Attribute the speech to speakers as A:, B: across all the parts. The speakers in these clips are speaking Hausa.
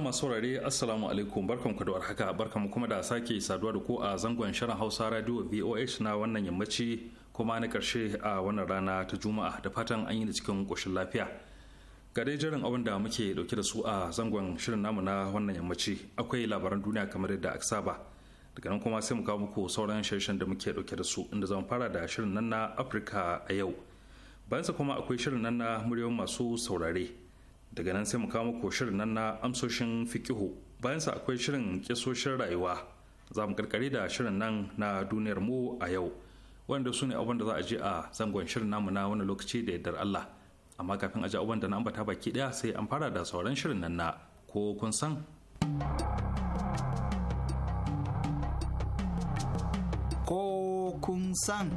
A: masu saurare assalamu alaikum barkan ku da warhaka barkan kuma da sake saduwa da ku a zangon shirin hausa radio voh na wannan yammaci kuma na karshe a wannan rana ta juma'a da fatan an yi da cikin ƙoshin lafiya ga dai jiran abin da muke dauke da su a zangon shirin namu na wannan yammaci akwai labaran duniya kamar yadda aka saba daga nan kuma sai mu kawo muku sauran shirin da muke dauke da su inda zan fara da shirin nan na afirka a yau bayansa kuma akwai shirin nan na muryoyin masu saurare daga nan sai mu kawo muku shirin nan na amsoshin fikihu bayan sa akwai shirin kisoshin rayuwa za mu karkare da shirin nan na duniyar mu a yau wanda su ne abin da za a je a zangon shirin namu na wani lokaci da yardar Allah amma kafin a ji abin da na ambata baki daya sai an fara da sauran shirin nan na ko kun san
B: ko kun san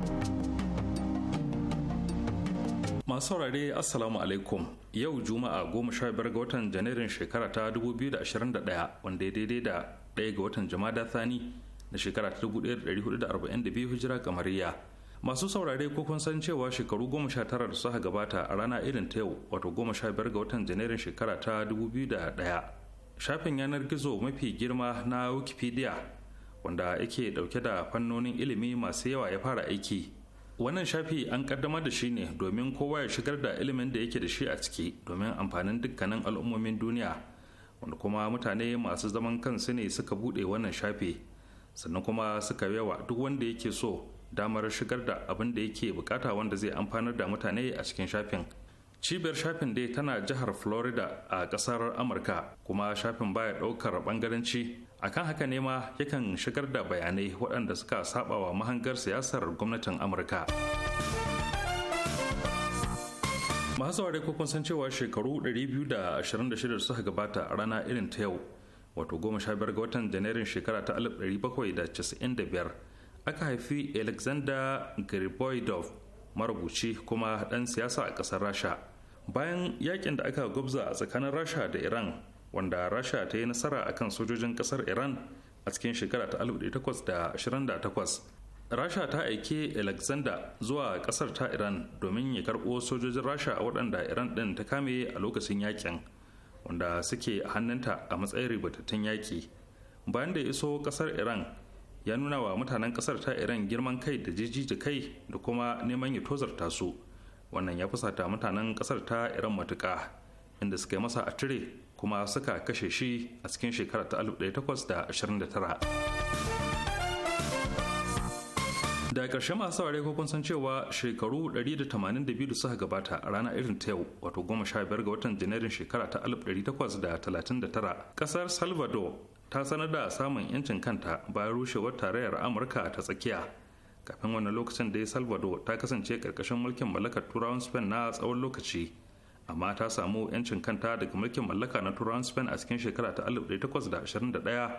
A: masu saurare assalamu alaikum yau juma'a goma sha biyar ga watan janairun shekara ta 2021 wanda ya daidai da ɗaya ga watan jama'a thani na shekara ta 1442 hijira kamariya masu saurare ko kun san cewa shekaru goma sha tara da suka gabata a rana irin ta yau wato goma sha biyar ga watan janairun shekara ta 2001 shafin yanar gizo mafi girma na wikipedia wanda yake dauke da fannonin ilimi masu yawa ya fara aiki wannan shafi an kaddamar da shi ne domin kowa ya shigar da ilimin da yake da shi a ciki domin amfanin dukkanin al'ummomin duniya wanda kuma mutane masu zaman kansu ne suka buɗe wannan shafi sannan kuma suka yawa duk wanda yake so damar shigar da abin da yake bukata wanda zai amfanar da mutane a cikin shafin cibiyar shafin dai tana jihar florida a kasar amurka kuma shafin baya daukar bangaranci akan haka ne ma yakan shigar da bayanai waɗanda suka sabawa mahangar siyasar gwamnatin amurka masu saurare ko kun san cewa shekaru 226 suka gabata a rana irin ta yau wato 15 ga watan janairun shekara ta 1795 aka haifi alexander griboidov marubuci kuma ɗan siyasa a ƙasar rasha bayan yakin da aka gwabza tsakanin rasha da iran wanda rasha ta yi nasara akan sojojin kasar iran a cikin shekara ta 1828 rasha ta aike alexander zuwa kasar ta iran domin ya karɓo sojojin rasha waɗanda iran ɗin ta kame a lokacin yakin wanda suke a hannunta a matsayin ribatattun yaƙi bayan da ya iso kasar iran ya nuna wa mutanen kasar ta iran girman kai da jijiji kai da kuma neman ya tozarta su wannan ya fusata mutanen kasar ta iran matuka inda suka yi masa a tire kuma suka kashe shi a cikin shekara ta 1829 da ƙarshe masu saurare ko kun san cewa shekaru 182 da suka gabata a rana irin ta yau wato 15 ga watan janairun shekara ta 1839 ƙasar salvador ta sanar da samun 'yancin kanta bayan rushewar tarayyar amurka ta tsakiya kafin wannan lokacin da ya salvador ta kasance karkashin mulkin mallakar turawan spain na tsawon lokaci amma ta samu 'yancin kanta daga mulkin mallaka na turan spain a cikin shekara ta 1821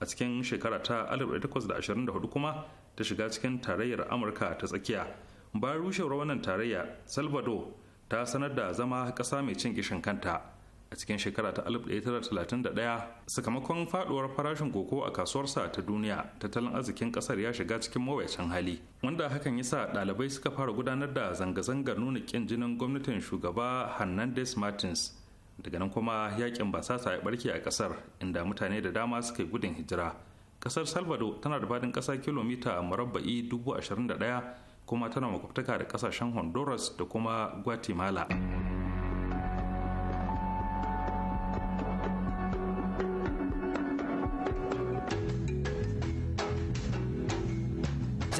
A: a cikin shekara ta 1824 kuma ta shiga cikin tarayyar amurka ta tsakiya bayan rushewar wannan tarayya salvador ta sanar da zama ƙasa mai cin gishin kanta cikin shekara ta 1931 sakamakon faduwar farashin koko a kasuwarsa ta duniya tattalin arzikin kasar ya shiga cikin mawuyacin hali wanda hakan ya sa ɗalibai suka fara gudanar da zanga-zangar nuna ƙin jinin gwamnatin shugaba hernandez martins daga nan kuma yakin basasa ya barke a kasar inda mutane da dama suka yi gudun hijira kasar salvador tana da faɗin ƙasa kilomita murabba'i 21 kuma tana makwabtaka da ƙasashen honduras da kuma guatemala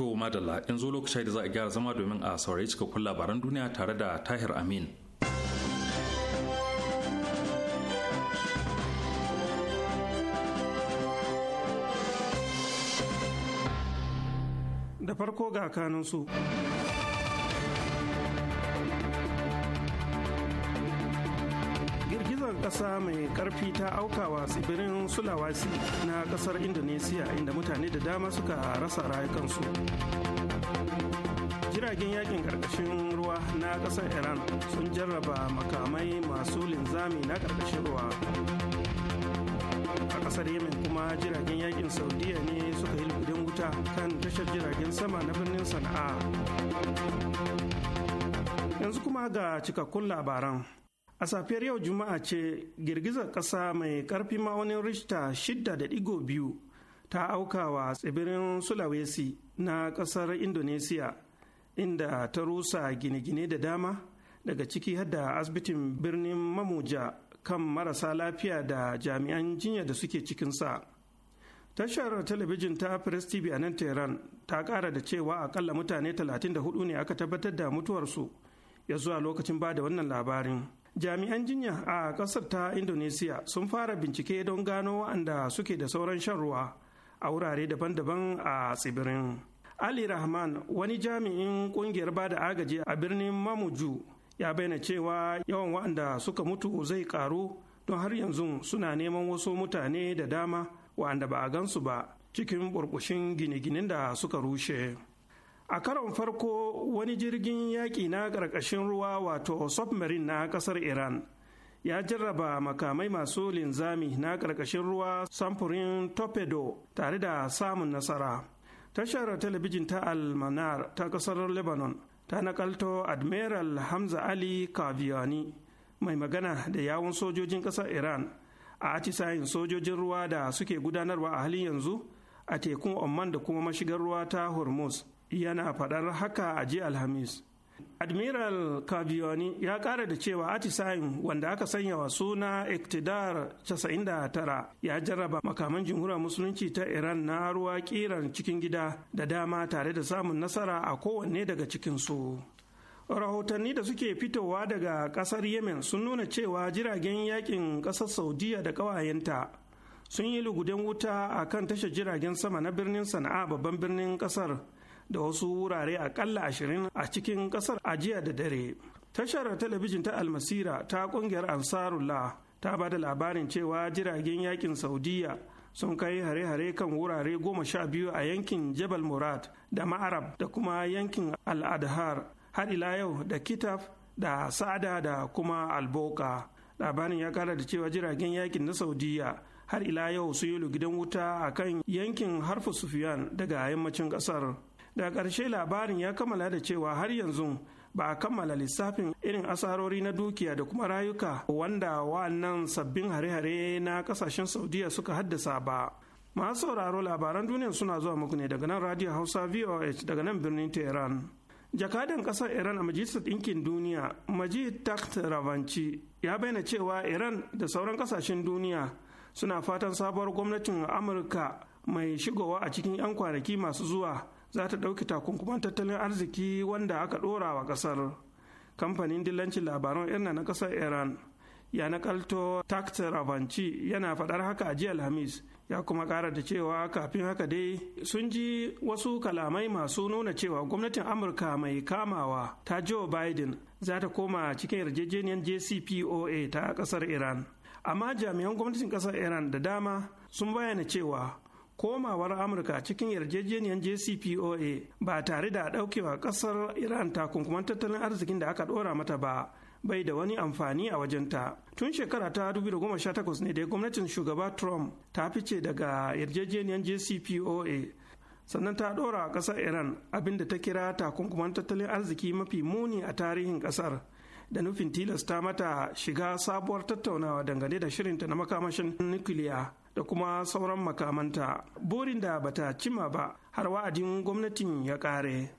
A: To madalla in zo lokaci da za a gyara zama domin a saurayi cikakkun labaran duniya tare da Tahir Amin.
B: Da farko ga akanin su. kasa mai ƙarfi ta aukawa tsibirin sulawesi na ƙasar indonesiya inda mutane da dama suka rasa rayukansu jiragen yakin ƙarƙashin ruwa na ƙasar iran sun jarraba makamai masu linzami na ƙarƙashin ruwa a ƙasar yemen kuma jiragen yakin saudiya ne suka yi lukudin wuta kan tashar jiragen sama na birnin sana'a yanzu kuma ga cikakkun labaran a safiyar yau juma'a ce girgizar ƙasa mai ƙarfi ma'aunin rishta biyu ta auka wa tsibirin sulawesi na ƙasar indonesiya inda ta rusa gine-gine da dama daga ciki hadda asibitin birnin mamuja kan marasa lafiya da jami'an jinya da suke cikinsa tashar talabijin ta press tv a nan tehran ta ƙara da cewa akalla mutane 34 ne aka tabbatar da mutuwarsu ya zuwa lokacin ba da wannan labarin jami'an jinya a kasar ta indonesia sun fara bincike don gano waɗanda suke da sauran shan ruwa a wurare daban-daban a tsibirin ali rahman wani jami'in kungiyar bada agaji a birnin mamuju ya bayyana cewa yawan waɗanda suka mutu zai karu don har yanzu suna neman wasu mutane da dama waɗanda ba a gansu ba cikin burbushin gine-ginen da suka rushe. a karon farko wani jirgin yaƙi na ƙarƙashin ruwa wato submarine na ƙasar iran ya jarraba makamai masu linzami na ƙarƙashin ruwa samfurin torpedo tare da samun nasara tashar talabijin ta almanar ta ƙasar lebanon ta nakalto admiral hamza ali kaviani mai magana da yawun sojojin ƙasar iran a atisayin sojojin ruwa da suke gudanarwa a halin yanzu a tekun oman da kuma mashigar ruwa ta hormuz yana faɗar haka a jiya alhamis admiral kabioni ya ƙara da cewa atisayin wanda aka sanya wa suna iktidar 99 ya jarraba makaman jamhuriyar musulunci ta iran na ruwa kiran cikin gida da dama tare da samun nasara a kowanne daga cikinsu rahotanni da suke fitowa daga ƙasar yemen sun nuna cewa jiragen yakin ƙasar saudiya da ƙawayenta sun yi luguden wuta a kan tashar jiragen sama na birnin sana'a babban birnin ƙasar. da wasu wurare akalla ashirin a cikin kasar ajiya da dare tashar talabijin ta almasira ta kungiyar ansarullah ta ba da labarin cewa jiragen yakin saudiya sun kai hare-hare kan wurare goma sha biyu a yankin jabal murad da ma'arab da kuma yankin al al'adhar har ila yau da kitaf da sa'ada da kuma alboka labarin ya kara da cewa jiragen yakin na saudiya har ila yau sun yi lugidan wuta a kan yankin harfa sufiyan daga yammacin kasar da ƙarshe labarin ya kammala da cewa har yanzu ba a kammala lissafin irin asarori na dukiya da kuma rayuka wanda wa'annan sabbin hare-hare na kasashen saudiya suka haddasa ba masu sauraro labaran duniya suna zuwa muku ne daga nan radio hausa voh daga nan birnin tehran jakadan ƙasar iran a majalisar ɗinkin duniya majid takht ravanci ya bayyana cewa iran da sauran kasashen duniya suna fatan sabuwar gwamnatin amurka mai shigowa a cikin 'yan kwanaki masu zuwa za ta ɗauki takunkuman tattalin arziki wanda aka ɗora wa ƙasar kamfanin dillancin labaran irna na ƙasar iran ya nakalto takta ravanci yana faɗar haka a jiya alhamis ya kuma ƙara da cewa kafin haka dai sun ji wasu kalamai masu nuna cewa gwamnatin amurka mai kamawa ta joe biden za ta koma cikin yarjejeniyar jcpoa ta ƙasar iran amma jami'an gwamnatin ƙasar iran da dama sun bayyana cewa komawar amurka cikin yarjejeniyar jcpoa ba tare da daukewa kasar iran takunkuman tattalin arzikin da aka dora mata ba bai da wani amfani a wajenta tun shekara ta 2018 ne da gwamnatin shugaba trump ta fice daga yarjejeniyar jcpoa sannan ta dora a kasar iran abinda ta kira takunkuman tattalin arziki mafi muni a tarihin kasar da nufin tilasta mata shiga sabuwar tattaunawa dangane da shirinta na makamashin nukiliya da kuma sauran makamanta burin da bata cima ba har wa'adin gwamnatin ya kare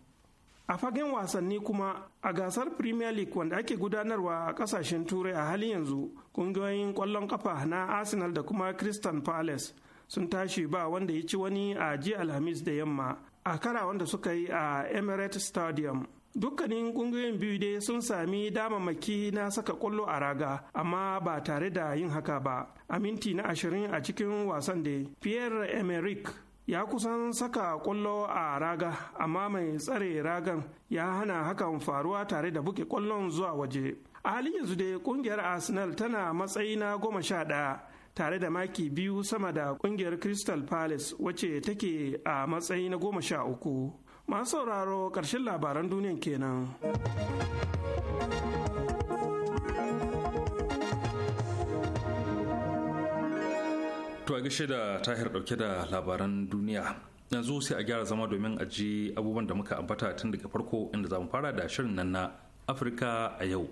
B: a fagen wasanni kuma a gasar premier league wanda ake gudanarwa a kasashen turai a halin yanzu kungiyoyin kwallon kafa na arsenal da kuma crystal palace sun tashi ba wanda ya ci wani a jiya alhamis da yamma a kara wanda suka yi a emirates stadium dukkanin kungiyoyin biyu dai sun sami damammaki na saka kwallo a raga amma ba tare da yin haka ba a minti na ashirin a cikin wasan da pierre emerick ya kusan saka ƙwallo a raga amma mai tsare ragan ya hana hakan faruwa tare da buke ƙwallon zuwa waje a halin yanzu dai ƙungiyar arsenal tana matsayi na goma sha ɗaya tare da maki biyu sama da ƙungiyar crystal palace wacce take a matsayi na goma sha uku masu sauraro ƙarshen labaran duniyan kenan.
A: To a gashe da tahir dauke da labaran duniya yanzu sai a gyara zama domin ajiye abubuwan da muka ambata tun daga farko inda za mu fara da shirin nan na Afirka a yau.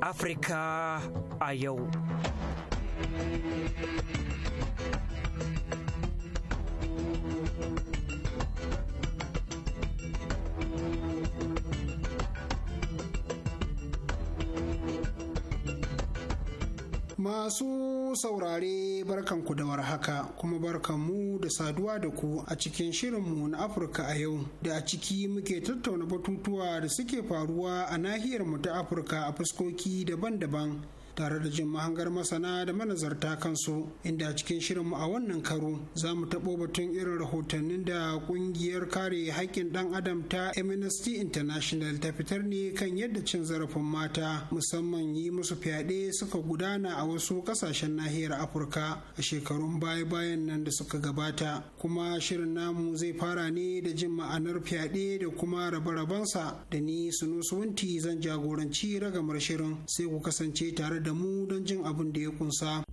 C: Afirka a yau.
D: Masu saurare barkanku da warhaka kuma barkanmu da saduwa da ku a cikin shirinmu na Afirka a yau da a ciki muke tattauna batutuwa da suke faruwa a nahiyar mu ta Afirka a fuskoki daban-daban tare da jin mahangar masana da manazarta kansu inda cikin shirinmu a wannan karo za mu taɓo batun irin rahotannin da ƙungiyar kare haƙƙin ɗan adam ta amnesty international ta fitar ne kan yadda cin zarafin mata musamman yi musu fyaɗe suka gudana a wasu ƙasashen nahiyar afirka a shekarun baya bayan nan da suka gabata kuma shirin namu zai fara ne da jin ma'anar fyaɗe da kuma rabe-rabensa da ni sunusu zan jagoranci ragamar shirin sai ku kasance tare da mu don jin abin da ya kunsa.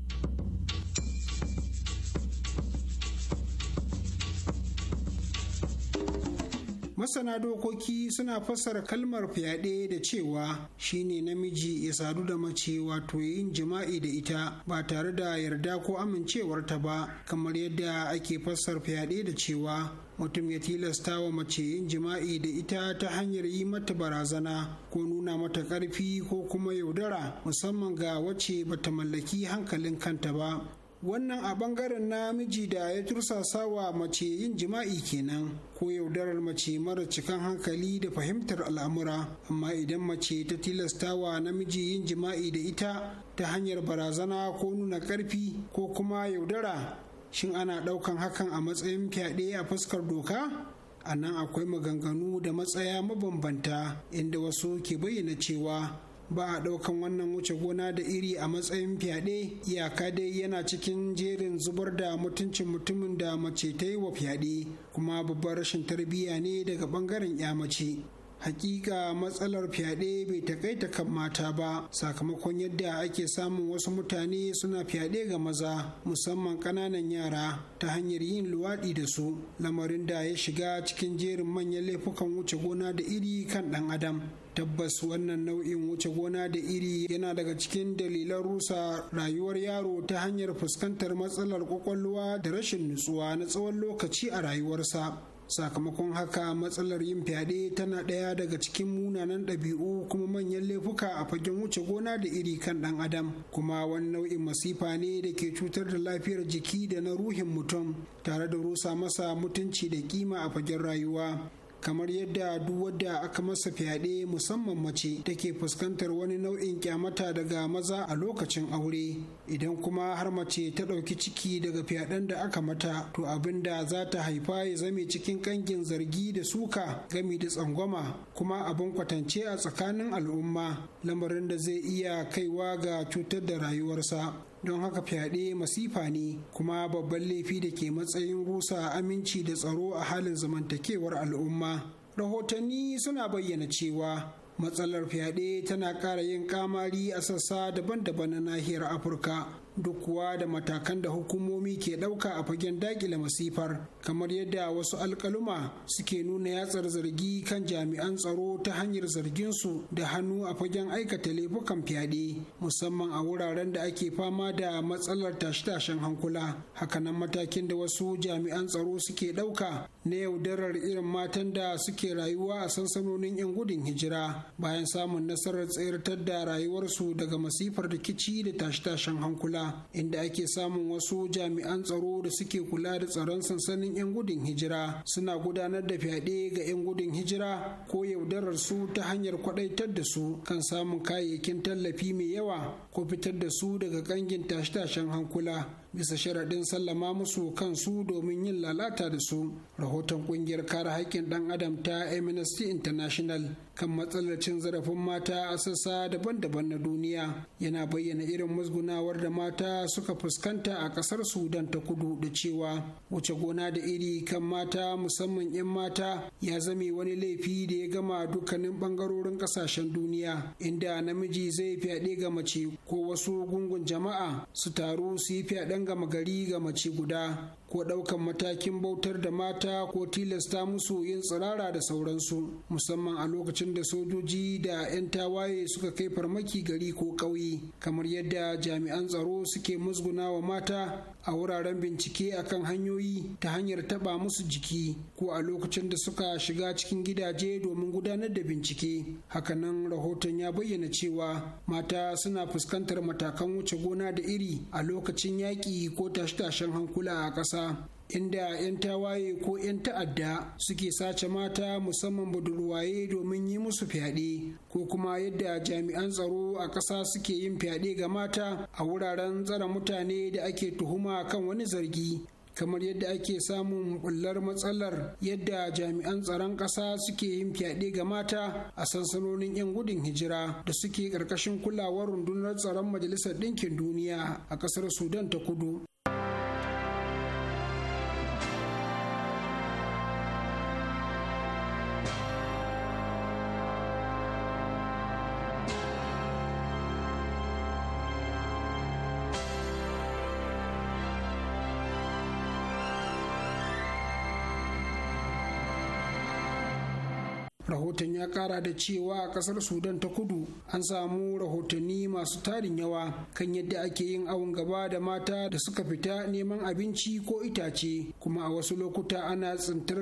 D: masana dokoki suna fassara kalmar fyaɗe da cewa shine namiji ya sadu da mace wato yin jima'i da ita ba tare da yarda ko amincewarta ba kamar yadda ake fassar fyaɗe da cewa mutum ya tilasta wa mace yin jima'i da ita ta hanyar yi mata barazana ko nuna mata ƙarfi ko kuma yaudara musamman ga wace bata mallaki hankalin kanta ba wannan a bangaren namiji da ya tursasa wa mace yin jima'i kenan ko yaudarar mace mara cikan hankali da fahimtar al'amura amma idan mace ta tilasta wa namiji yin jima'i da ita ta hanyar barazana ko nuna ƙarfi ko kuma yaudara shin ana ɗaukan hakan a matsayin fyaɗe a fuskar doka a nan akwai maganganu da matsaya mabambanta inda wasu ke bayyana cewa ba a ɗaukan wannan wuce gona da iri a matsayin fyaɗe iyaka dai yana cikin jerin zubar da mutuncin mutumin da mace ta yi wa fyaɗe kuma babbar rashin tarbiyya ne daga ɓangaren ya mace hakika matsalar fyaɗe bai takaita kan mata ba sakamakon yadda ake samun wasu mutane suna fyaɗe ga maza musamman ƙananan yara ta hanyar yin luwaɗi da su lamarin da ya shiga cikin jerin manyan laifukan wuce gona da iri kan ɗan adam tabbas wannan nau'in wuce gona da iri yana daga cikin dalilan rusa rayuwar yaro ta hanyar fuskantar matsalar kwakwalwa da rashin nutsuwa na tsawon lokaci a rayuwarsa sakamakon haka matsalar yin fyaɗe tana ɗaya daga cikin munanan ɗabi'u kuma manyan laifuka a fagen wuce gona da iri kan ɗan adam kuma wani nau'in masifa ne da ke cutar da lafiyar jiki da na ruhin mutum tare da rusa masa mutunci da kima a fagen rayuwa kamar yadda duk wadda aka masa fyaɗe musamman mace take fuskantar wani nau'in kyamata daga maza a lokacin aure idan kuma har mace ta ɗauki ciki daga fyaɗen da aka mata to abin da za ta haifa ya zame cikin ƙangin zargi da suka gami da tsangwama kuma abin kwatance a tsakanin al'umma lamarin da zai iya kaiwa ga cutar da rayuwarsa don haka fyaɗe masifa ne kuma babban laifi da ke matsayin rusa aminci da tsaro a halin zamantakewar al'umma rahotanni suna bayyana cewa matsalar fyaɗe tana ƙara yin kamari a sassa daban-daban na nahiyar afirka duk kuwa da matakan da hukumomi ke ɗauka a fagen dakile masifar kamar yadda wasu alkaluma suke nuna yatsar zargi kan jami'an tsaro ta hanyar zarginsu da hannu a fagen aikata laifukan fyaɗe musamman a wuraren da ake fama da matsalar tashe-tashen hankula hakanan matakin da wasu jami'an tsaro suke ɗauka na yaudarar irin matan da suke rayuwa a sansanonin 'yan gudun hijira bayan samun nasarar tsayar da rayuwarsu daga masifar rikici da tashe-tashen hankula inda ake samun wasu jami'an tsaro da suke kula da tsaron sansanin 'yan gudun hijira suna gudanar da fyaɗe ga 'yan gudun hijira ko yaudarar su ta hanyar kwaɗaitar da su kan samun kayayyakin tallafi mai yawa ko fitar da su daga kangin tashe-tashen hankula bisa sharaɗin sallama musu kansu domin yin lalata da su rahoton ƙungiyar kare haƙƙin ɗan adam ta amnesty international kan matsalar cin zarafin mata a sassa daban-daban na duniya yana bayyana irin musgunawar da mata suka fuskanta a ƙasar sudan ta kudu da cewa wuce gona da iri kan mata musamman 'yan mata ya zame wani laifi da ya gama dukkanin ɓangarorin ƙasashen duniya inda namiji zai fyaɗe ga mace ko wasu gungun jama'a su taru su yi fyaɗen 'yan gama gari ga mace guda ko ɗaukan matakin bautar da mata ko tilasta musu yin tsirara da sauransu musamman a lokacin da sojoji da 'yan tawaye suka kai farmaki gari ko ƙauye kamar yadda jami'an tsaro suke musguna wa mata a wuraren bincike akan hanyoyi ta hanyar taɓa musu jiki ko a lokacin da suka shiga cikin gidaje domin gudanar da bincike hakanan rahoton ya bayyana cewa mata suna fuskantar matakan wuce gona da iri a lokacin yaƙi ko tashe-tashen hankula a ƙasa ƙasa inda 'yan tawaye ko 'yan ta'adda suke sace mata musamman budurwaye domin yi musu fyaɗe ko kuma yadda jami'an tsaro a ƙasa suke yin fyaɗe ga mata a wuraren tsara mutane da ake tuhuma kan wani zargi kamar yadda ake samun bullar matsalar yadda jami'an tsaron ƙasa suke yin fyaɗe ga mata a sansanonin 'yan gudun hijira da suke ƙarƙashin kulawar rundunar tsaron majalisar ɗinkin duniya a ƙasar sudan ta kudu rahoton ya kara da cewa a kasar sudan ta kudu an samu rahotanni masu tarin yawa kan yadda ake yin awon gaba da mata da suka fita neman abinci ko itace kuma a wasu lokuta ana tsintar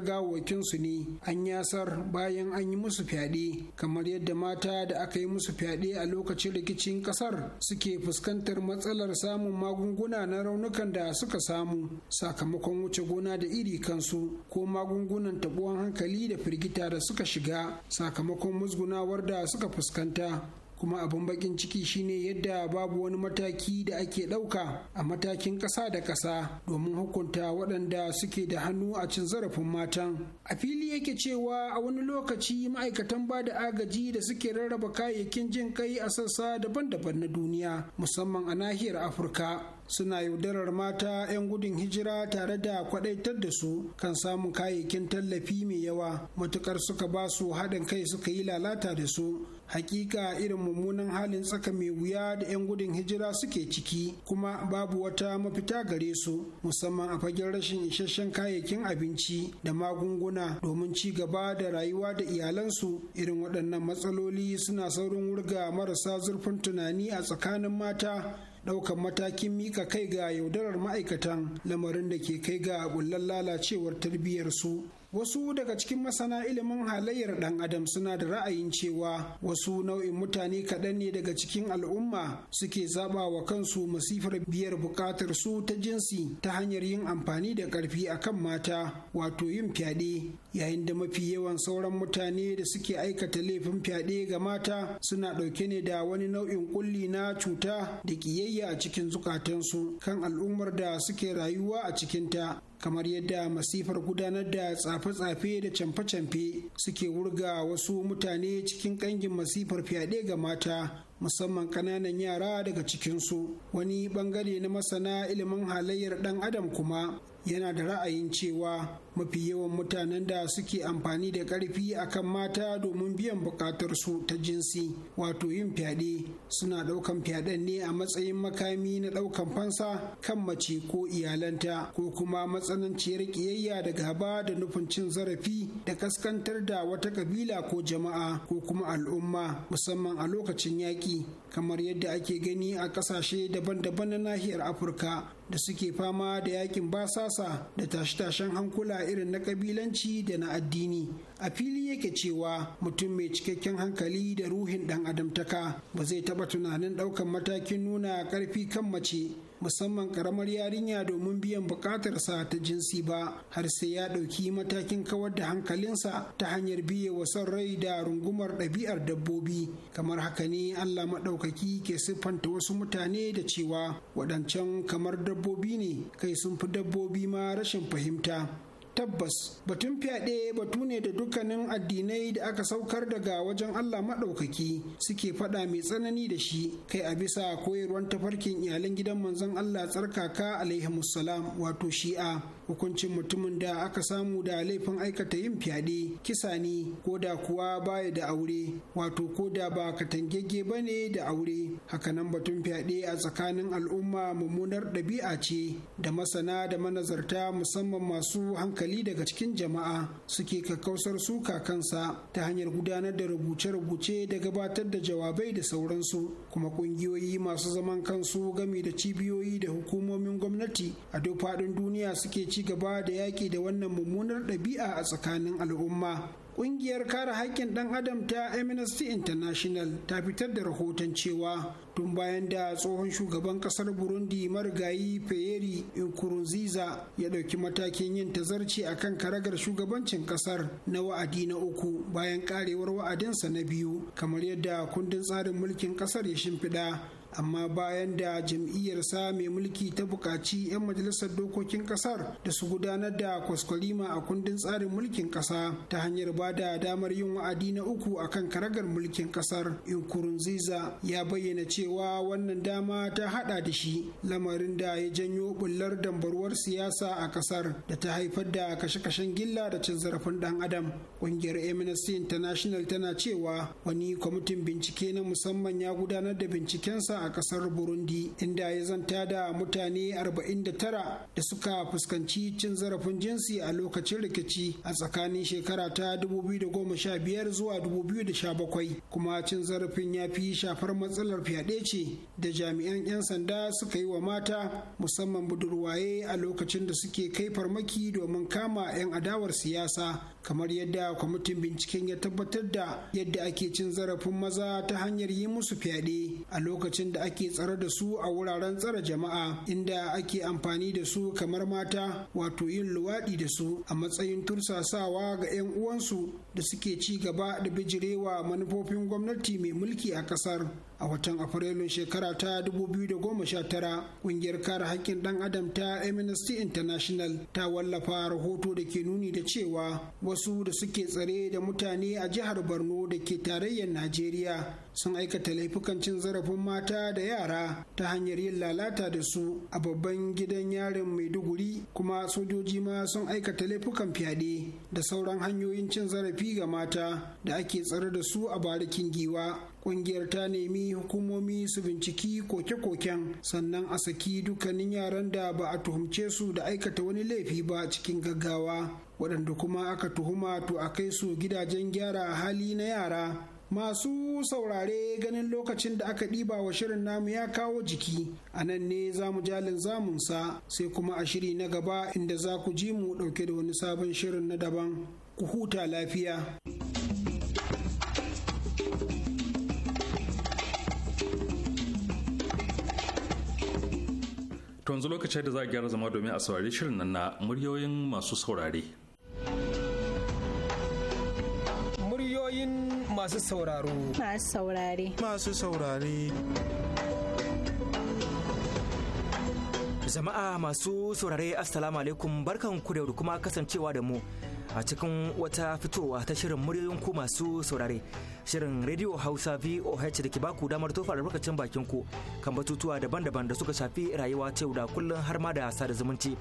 D: su ne an yasar bayan an yi musu fyaɗe kamar yadda mata da aka yi musu fyaɗe a lokacin rikicin kasar suke fuskantar matsalar samun magunguna na raunukan da suka samu sakamakon wuce gona da iri kansu ko magungunan taɓuwan hankali da firgita da suka shiga sakamakon musgunawar da suka fuskanta kuma abin bakin ciki shine yadda babu wani mataki da ake ɗauka a matakin ƙasa da ƙasa domin hukunta waɗanda suke da hannu a cin zarafin matan a fili yake cewa a wani lokaci ma'aikatan ba da agaji da suke rarraba kayayyakin jin kai a sassa daban-daban na duniya musamman a nahiyar afirka suna yaudarar mata 'yan gudun hijira tare da kwadaitar da su kan samun kayayyakin tallafi mai yawa matukar suka ba su haɗin kai suka yi lalata da su hakika irin mummunan halin tsaka mai wuya da 'yan gudun hijira suke ciki kuma babu wata mafita gare su musamman a fagen rashin isasshen kayayyakin abinci da magunguna domin ci gaba da rayuwa da iyalansu irin waɗannan matsaloli suna saurin wurga marasa zurfin tunani a tsakanin mata ɗaukan matakin mika kai ga yaudarar ma'aikatan lamarin da ke kai ga bullar lalacewar tarbiyyar su wasu daga cikin masana ilimin halayyar ɗan adam suna da ra'ayin cewa wasu nau'in mutane kaɗan ne daga cikin al'umma suke zaɓa wa kansu masifar biyar buƙatar su ta jinsi ta hanyar yin amfani da ƙarfi a kan mata wato yin fyaɗe yayin da mafi yawan sauran mutane da suke aikata laifin fyaɗe ga mata suna ɗauke ne da wani nau'in ƙulli na cuta da ƙiyayya a cikin zukatansu kan al'ummar da suke rayuwa a cikinta kamar yadda masifar gudanar da tsafe-tsafe da camfe-camfe suke wurga wasu mutane cikin ƙangin masifar fyaɗe ga mata musamman ƙananan yara daga cikinsu wani ɓangare na masana ilimin halayyar ɗan adam kuma yana da ra'ayin cewa mafi yawan mutanen da suke amfani da ƙarfi akan mata domin biyan su ta jinsi wato yin fyaɗe suna ɗaukan fyaɗen ne a matsayin makami na ɗaukan fansa kan mace ko iyalanta ko kuma matsananciyar ƙiyayya da gaba da nufin cin zarafi da kaskantar da wata ƙabila ko jama'a ko kuma al'umma musamman a lokacin yaƙi kamar yadda ake gani a kasashe daban-daban na nahiyar afirka da suke fama da yakin basasa da tashe-tashen hankula irin na kabilanci da na addini a fili yake cewa mutum mai cikakken hankali da ruhin dan adamtaka ba zai taɓa tunanin daukan matakin nuna ƙarfi kan mace musamman karamar yarinya domin biyan bukatarsa ta jinsi ba har sai ya ɗauki matakin kawar da hankalinsa ta hanyar biye wa son rai da rungumar ɗabi'ar dabbobi kamar haka ne allah maɗaukaki ke siffanta wasu mutane da cewa waɗancan kamar dabbobi ne kai sun fi dabbobi ma rashin fahimta tabbas batun fyaɗe batu ne da dukkanin addinai da aka saukar daga wajen Allah maɗaukaki suke faɗa mai tsanani da shi kai a bisa koyarwar tafarkin iyalan gidan manzon Allah tsarkaka alaihi wato shi'a hukuncin mutumin da aka samu da laifin aikata yin fyaɗe kisa ne ko da kuwa baya da aure wato ko da ba katangegge ba ne da aure hakanan batun fyaɗe a tsakanin al'umma mummunar ɗabi'a ce da masana da manazarta musamman masu hankali daga cikin jama'a suke kakkausar suka kansa ta hanyar gudanar da rubuce-rubuce da gabatar da jawabai da sauransu kuma ƙungiyoyi masu zaman kansu gami da cibiyoyi da hukumomin gwamnati a duk faɗin duniya suke ci ci gaba da yaƙi da wannan mummunar ɗabi'a a tsakanin al'umma Ƙungiyar kare haƙƙin ɗan adam ta Amnesty International ta fitar da rahoton cewa tun bayan da tsohon shugaban ƙasar Burundi marigayi Pierre Nkurunziza ya ɗauki matakin yin tazarci a kan karagar shugabancin ƙasar na wa'adi na uku bayan ƙarewar wa'adinsa na biyu kamar yadda kundin tsarin mulkin ƙasar ya shimfiɗa amma bayan da jam'iyyarsa mai mulki ta buƙaci 'yan majalisar dokokin ƙasar da su gudanar da kwaskwalima a kundin tsarin mulkin ƙasa ta hanyar ba da damar yin wa'adi na uku a kan karagar mulkin ƙasar nkurunziza ya bayyana cewa wannan dama ta haɗa da shi lamarin da ya janyo bullar dambarwar siyasa a ƙasar da ta haifar da kashe-kashen gilla da cin zarafin ɗan adam ƙungiyar amnesty international tana cewa wani kwamitin bincike na musamman ya gudanar da bincikensa a kasar burundi inda ya zanta da mutane 49 da suka fuskanci cin zarafin jinsi a lokacin rikici a tsakanin shekara ta 2015 zuwa 2017 kuma cin zarafin ya fi shafar matsalar fyaɗe ce da jami'an 'yan sanda suka yi wa mata musamman budurwaye a lokacin da suke kai farmaki domin kama 'yan adawar siyasa kamar yadda kwamitin binciken ya tabbatar da yadda ake cin zarafin maza ta hanyar yi musu fyaɗe a lokacin matan da ake tsare da su a wuraren tsare jama'a inda ake amfani da su kamar mata wato yin luwaɗi da su a matsayin tursasawa ga 'yan uwansu da suke ci gaba da bijirewa manufofin gwamnati mai mulki a ƙasar a watan afrilun shekara ta 2019 ƙungiyar kare hakkin ɗan adam ta amnesty international ta wallafa rahoto da ke nuni da cewa wasu da suke tsare da mutane a jihar borno da ke tarayyar najeriya sun aikata laifukan cin zarafin mata mata da yara ta hanyar yin lalata da su a babban gidan yarin maiduguri kuma sojoji ma sun aikata laifukan fyaɗe da sauran hanyoyin cin zarafi ga mata da ake tsare da su a barikin giwa ƙungiyar ta nemi hukumomi su binciki koke-koken sannan a saki dukkanin yaran da ba a tuhumce su da aikata wani laifi ba cikin gaggawa waɗanda kuma aka tuhuma to a kai su gidajen gyara hali na yara Masu saurare ganin lokacin da aka ɗiba wa shirin namu ya kawo jiki, a nan ne za mu jalin zamunsa sai kuma a shiri na gaba inda za ku ji mu ɗauke da wani sabon shirin na daban, ku huta lafiya.
A: To yanzu lokacin da za a gyara zama domin a saurari shirin nan na muryoyin masu saurare.
D: masu sauraro.
E: Masu saurare.
C: Masu saurare. Jama'a masu saurare Assalamu alaikum barkan ku da kuma kasancewa da mu a cikin wata fitowa ta shirin muryoyin ku masu saurare. Shirin Radio Hausa VOH da ke baku damar tofa albarkacin bakin ku kan batutuwa daban-daban da suka shafi rayuwa ta yau da kullum har ma da sada zumunci.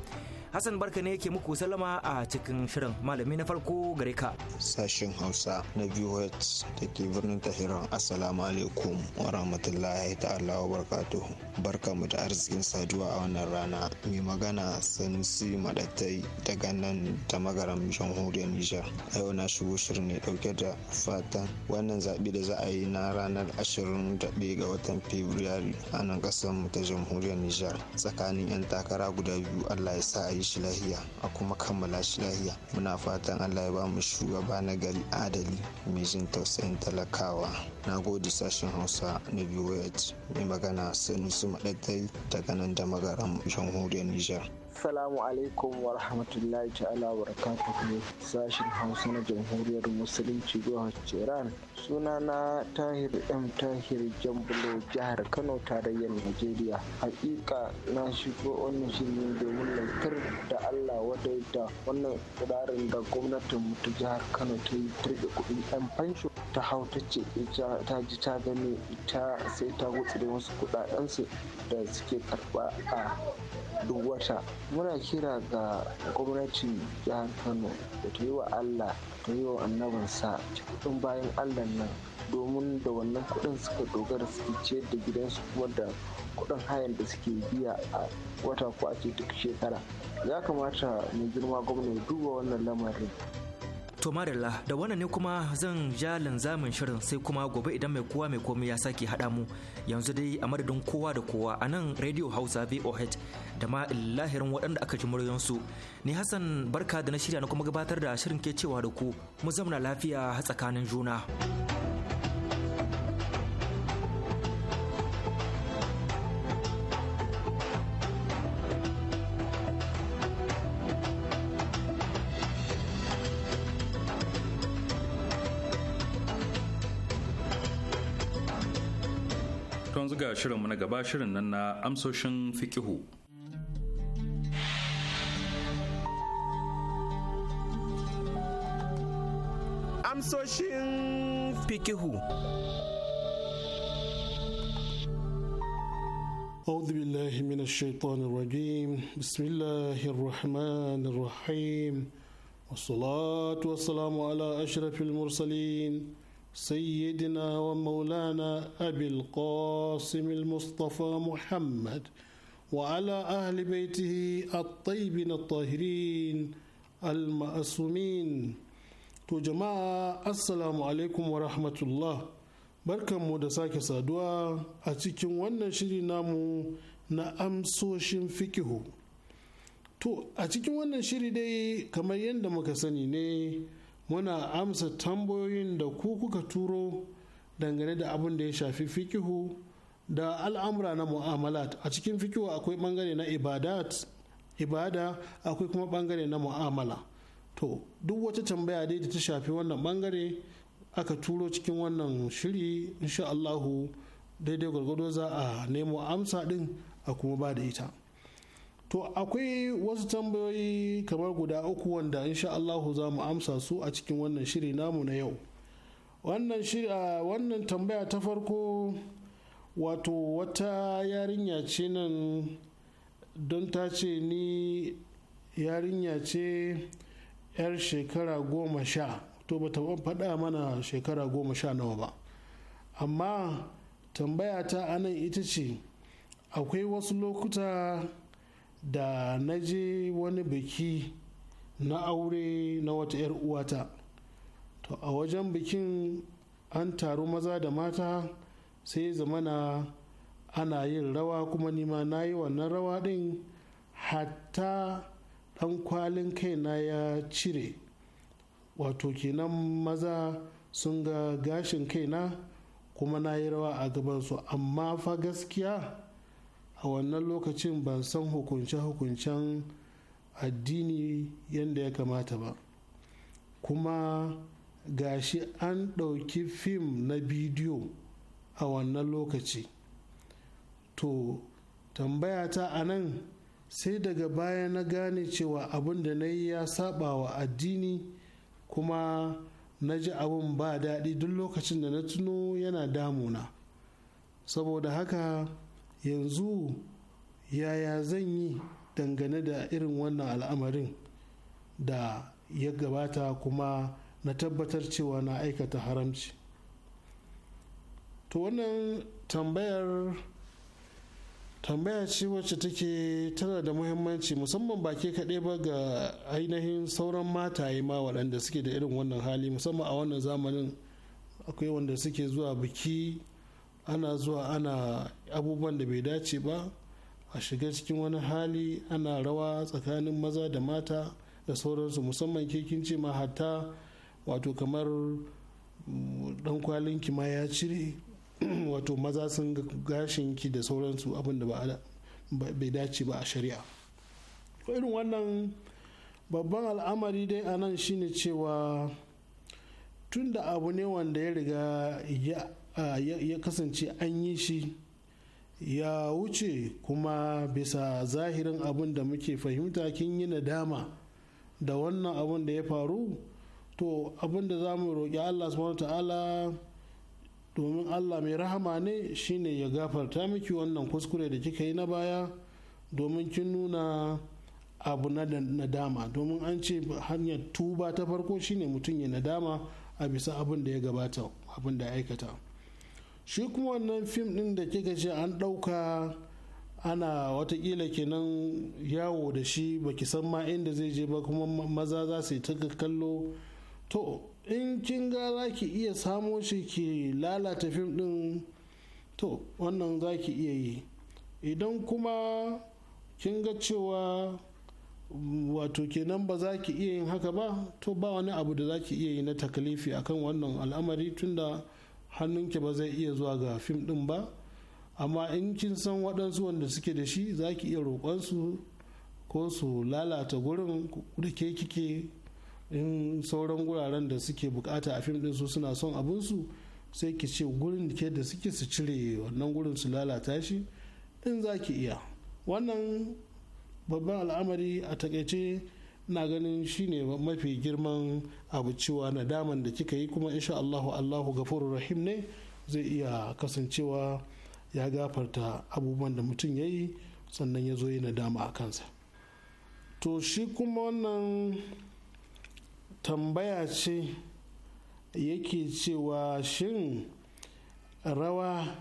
C: Hassan Barka ne yake muku salama a cikin shirin malami na farko gare ka.
D: Sashen Hausa na VOH da ke birnin Tahiran Assalamu alaikum wa rahmatullahi ta'ala wa Barka mu da arzikin saduwa a wannan rana. Mai magana Sanusi Madatai daga nan ta magaran jamhuriyar Nijar. A yau na shigo shirin ne dauke da fatan wannan zaɓe da za a yi na ranar 21 ga watan Fabrairu a nan ƙasar mu ta jamhuriyar Nijar tsakanin 'yan takara guda biyu Allah ya sa a yi shi lahiya a kuma kammala shi lahiya muna fatan allah ya ba mu shugaba na gari adali mai jin tausayin talakawa na gode sashen hausa na biyu mai magana sanusi maɗaɗai daga nan da magaran jamhuriyar nijar Assalamu alaikum wa rahmatullahi ta'ala wa barakatuhu
C: sashin Hausa na Jamhuriyar Musulunci Jihar suna na Tahir M Tahir Jambulo Jihar Kano Tarayyar Najeriya. Hakika na shigo wannan shirin domin lantar da Allah wadai da wannan tsirarin da gwamnatin mu ta jihar Kano ta yi turbe kuɗin 'yan fansho ta hau ta ce ta ji ta gani ita sai ta wutsire wasu kuɗaɗensu da suke karɓa a duk wata muna kira ga gwamnatin jihar kano da ta yi wa allah ta yi wa annabinsa cikin bayan allah nan domin da wannan
D: kudin suka dogara suke ciyar da gidansu kuma da kudin hayan da suke biya a wata ko ake duk shekara ya kamata mai girma gwamna ya duba wannan lamarin
C: To Marilla, da wannan ne kuma zan ja linzamin shirin sai kuma gobe idan mai kowa mai komai ya sake haɗa mu yanzu dai a madadin kowa da kowa a nan Radio Hausa VOH da ma lahirin waɗanda aka ji muryansu. Ni Hassan barka da na shirya na kuma gabatar da shirin ke cewa da ku mu zamna lafiya tsakanin juna.
A: to yanzu ga shirinmu na gaba shirin nan na amsoshin fikihu
B: amsoshin fikihu
F: أعوذ بالله من الشيطان الرجيم بسم الله الرحمن الرحيم والصلاة والسلام على أشرف المرسلين سيدنا ومولانا أبي القاسم المصطفى محمد وعلى أهل بيته الطيبين الطاهرين المأسومين to jama'a assalamu alaikum wa rahmatullah barkanmu da sake saduwa a cikin wannan shiri namu na amsoshin fikihu to a cikin wannan shiri dai kamar yadda muka sani ne muna amsa tambayoyin da ku kuka turo dangane da abin da ya shafi fikihu da al'amura na mu'amalat a cikin fikihu akwai bangare na ibadat ibada akwai kuma bangare na mu'amala to duk wata tambaya dai da ta shafi wannan bangare aka turo cikin wannan shiri insha daidai gwargwado za a nemo amsa din a kuma ba da ita To akwai wasu tambayoyi kamar guda uku wanda insha Allahu za mu amsa su a cikin wannan shiri namu na yau. Wannan wannan tambaya ta farko wato wata yarinya ce nan don ta ce ni yarinya ce 'yar shekara goma sha to bata faɗa mana shekara goma sha nawa ba amma tambaya ta anan ita ce akwai wasu lokuta da na je wani biki na aure na wata 'yar uwata to a wajen bikin an taru maza da mata sai zamana ana yin rawa kuma nima na yi wannan rawa din, hatta dan kwalin kaina ya cire wato kenan maza sun ga gashin kaina kuma na yi rawa a gabansu amma fa gaskiya a wannan lokacin ban san hukunce-hukuncen addini yadda ya kamata ba kuma gashi an ɗauki fim na bidiyo a wannan lokaci to tambaya ta a nan sai daga baya na gane cewa abin da na yi ya saba wa addini kuma na ji abin ba daɗi duk lokacin da na tuno yana damuna saboda haka yanzu yaya zan yi dangane da irin wannan al'amarin da ya gabata kuma na tabbatar cewa na aikata haramci to wannan tambayar tambaya ce wacce take tana da muhimmanci musamman ba ke kaɗai ba ga ainihin sauran mataye ma waɗanda suke da irin wannan hali musamman a wannan zamanin akwai wanda suke zuwa biki ana zuwa ana abubuwan da bai dace ba a shiga cikin wani hali ana rawa tsakanin maza da mata da sauransu musamman kin ce ma hatta wato kamar dan mm, kwalin ma ya cire wato maza sun gashin ki da sauransu abin da bai dace ba a shari'a irin wannan babban al'amari dai a nan shine cewa tun da abu ne wanda ya riga ya ya kasance an yi shi ya wuce kuma bisa zahirin abin da muke fahimta kin yi nadama da wannan abin da ya faru to abin da za mu roƙi allah subhanahu ta'ala domin allah mai rahama ne shine ya gafarta miki wannan kuskure da kika yi na baya domin kin nuna abu na nadama domin an ce hanyar tuba ta farko shine mutum ya nadama a bisa abin da ya gabata abin da aikata shi kuma wannan fim ɗin da kika ce an ɗauka ana watakila kenan yawo da shi baki san ma inda zai je ba kuma maza za su yi ta kallo to in kin ga za ki iya samo shi ki lalata fim ɗin to wannan za ki iya yi idan kuma kin ga cewa mm, wato kenan ba za ki iya yin haka ba to ba wani abu da za ki iya yi na takalifi akan wannan al'amari tunda hannunki ba zai iya zuwa ga fim din ba amma in kin san waɗansu wanda suke da shi za ki iya roƙonsu ko su lalata gurin da ke kike in sauran wuraren da suke bukata a fim su suna son abinsu sai ki ce gurin ke da suke su cire wannan gurin su lalata shi in za ki iya wannan babban al'amari a takaice na ganin shine mafi girman abu cewa nadaman da kika yi kuma insha Allahu Allahu gafuru rahim ne zai iya kasancewa ya gafarta abubuwan da mutum ya yi sannan ya zo yi nadama a kansa to shi kuma wannan tambaya ce yake cewa shin rawa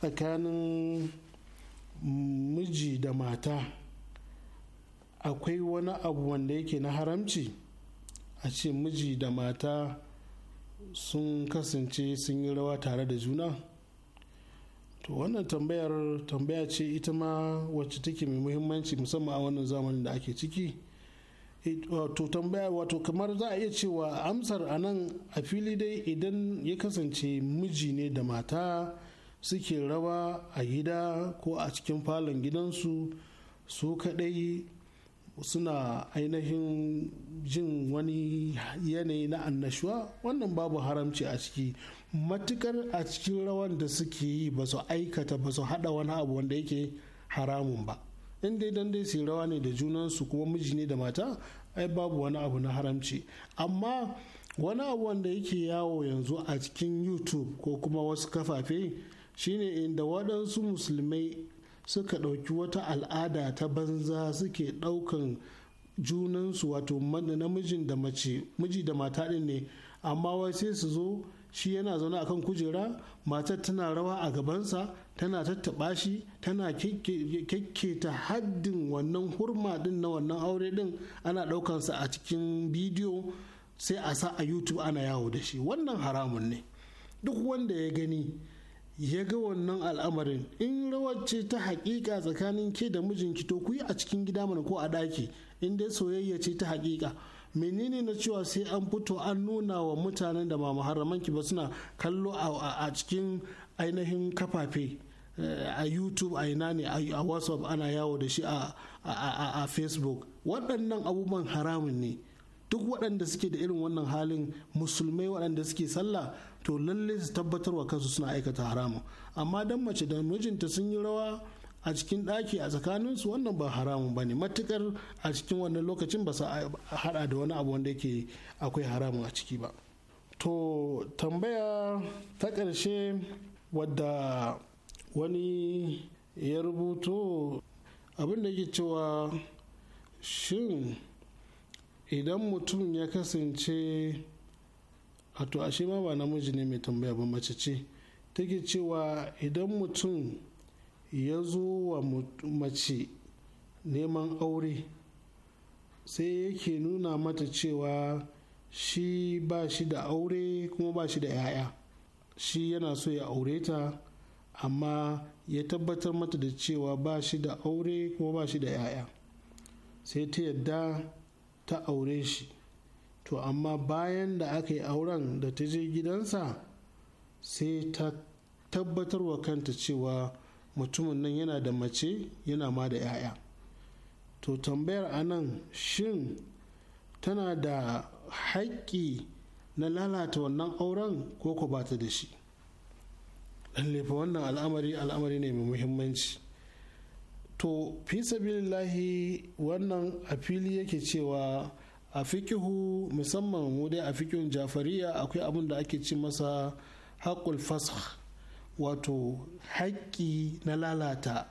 F: tsakanin miji da mata akwai wani abu wanda yake na haramci a ce miji da mata sun kasance sun yi rawa tare da juna to wannan tambayar tambaya ce ita ma wacce take mai muhimmanci musamman a wannan zamanin da ake ciki to tambaya wato kamar za a iya cewa amsar a nan a fili dai idan ya kasance miji ne da mata suke rawa a gida ko a cikin falon gidansu su kaɗai. suna ainihin jin wani yanayi na annashuwa wannan babu haramci a ciki matukar a cikin rawan da suke yi ba su aikata ba su hada wani abu wanda yake haramun ba in dai dan dai su rawa ne da junansu kuma miji ne da mata ai babu wani abu na haramci amma wani abu wanda yake yawo yanzu a cikin youtube ko kuma wasu kafafe shine inda waɗansu musulmai suka ɗauki wata al'ada ta banza suke ɗaukan junansu wato namijin da mace miji da mata ɗin ne amma wai sai su zo shi yana zaune akan kujera matar tana rawa a gabansa tana tattaɓa shi tana kyakketa haddin wannan hurma ɗin na wannan aure ɗin ana ɗaukansa a cikin bidiyo sai a sa a youtube ana yawo da shi wannan haramun ne duk wanda ya gani ya ga wannan al'amarin in rawar ta hakika tsakanin ke da mijinki to ku yi a cikin gida mana ko a ɗaki in dai soyayya ce ta hakika menene na cewa sai an fito an nuna wa mutanen da ba ki ba suna kallo a cikin ainihin kafafe eh, a youtube a ina ne a whatsapp ana yawo da shi a facebook waɗannan abubuwan haramun ne duk waɗanda suke da irin wannan halin musulmai waɗanda suke sallah to lalle su tabbatarwa kansu suna aikata haramun amma dan mace da mijinta sun yi rawa a cikin ɗaki a tsakaninsu wannan ba haramun ba ne matukar a cikin wannan lokacin ba sa haɗa da wani abu wanda yake akwai haramun a ciki ba to tambaya ta ƙarshe wadda wani ya rubuto abin da yake cewa shin idan mutum ya kasance a to ashe ma ba namiji ne mai tambaya ba mace ce take cewa idan mutum ya zo wa mace neman aure sai yake nuna mata cewa shi ba shi da aure kuma ba shi da 'ya'ya shi yana so ya aure ta amma ya tabbatar mata da cewa ba shi da aure kuma ba shi da 'ya'ya sai ta yadda ta aure shi to amma bayan da aka yi auren da ta je gidansa sai ta tabbatar wa kanta cewa mutumin nan yana da mace yana ma da 'ya'ya to tambayar anan shin tana da haƙƙi na lalata wannan auren ko ko bata da shi lallefa wannan al'amari al'amari ne mai muhimmanci to fi sabilillahi wannan a fili yake cewa a fikihu musamman mu dai a fikihun jafariya akwai abin da ake ci masa haƙul fasakh wato haƙƙi na lalata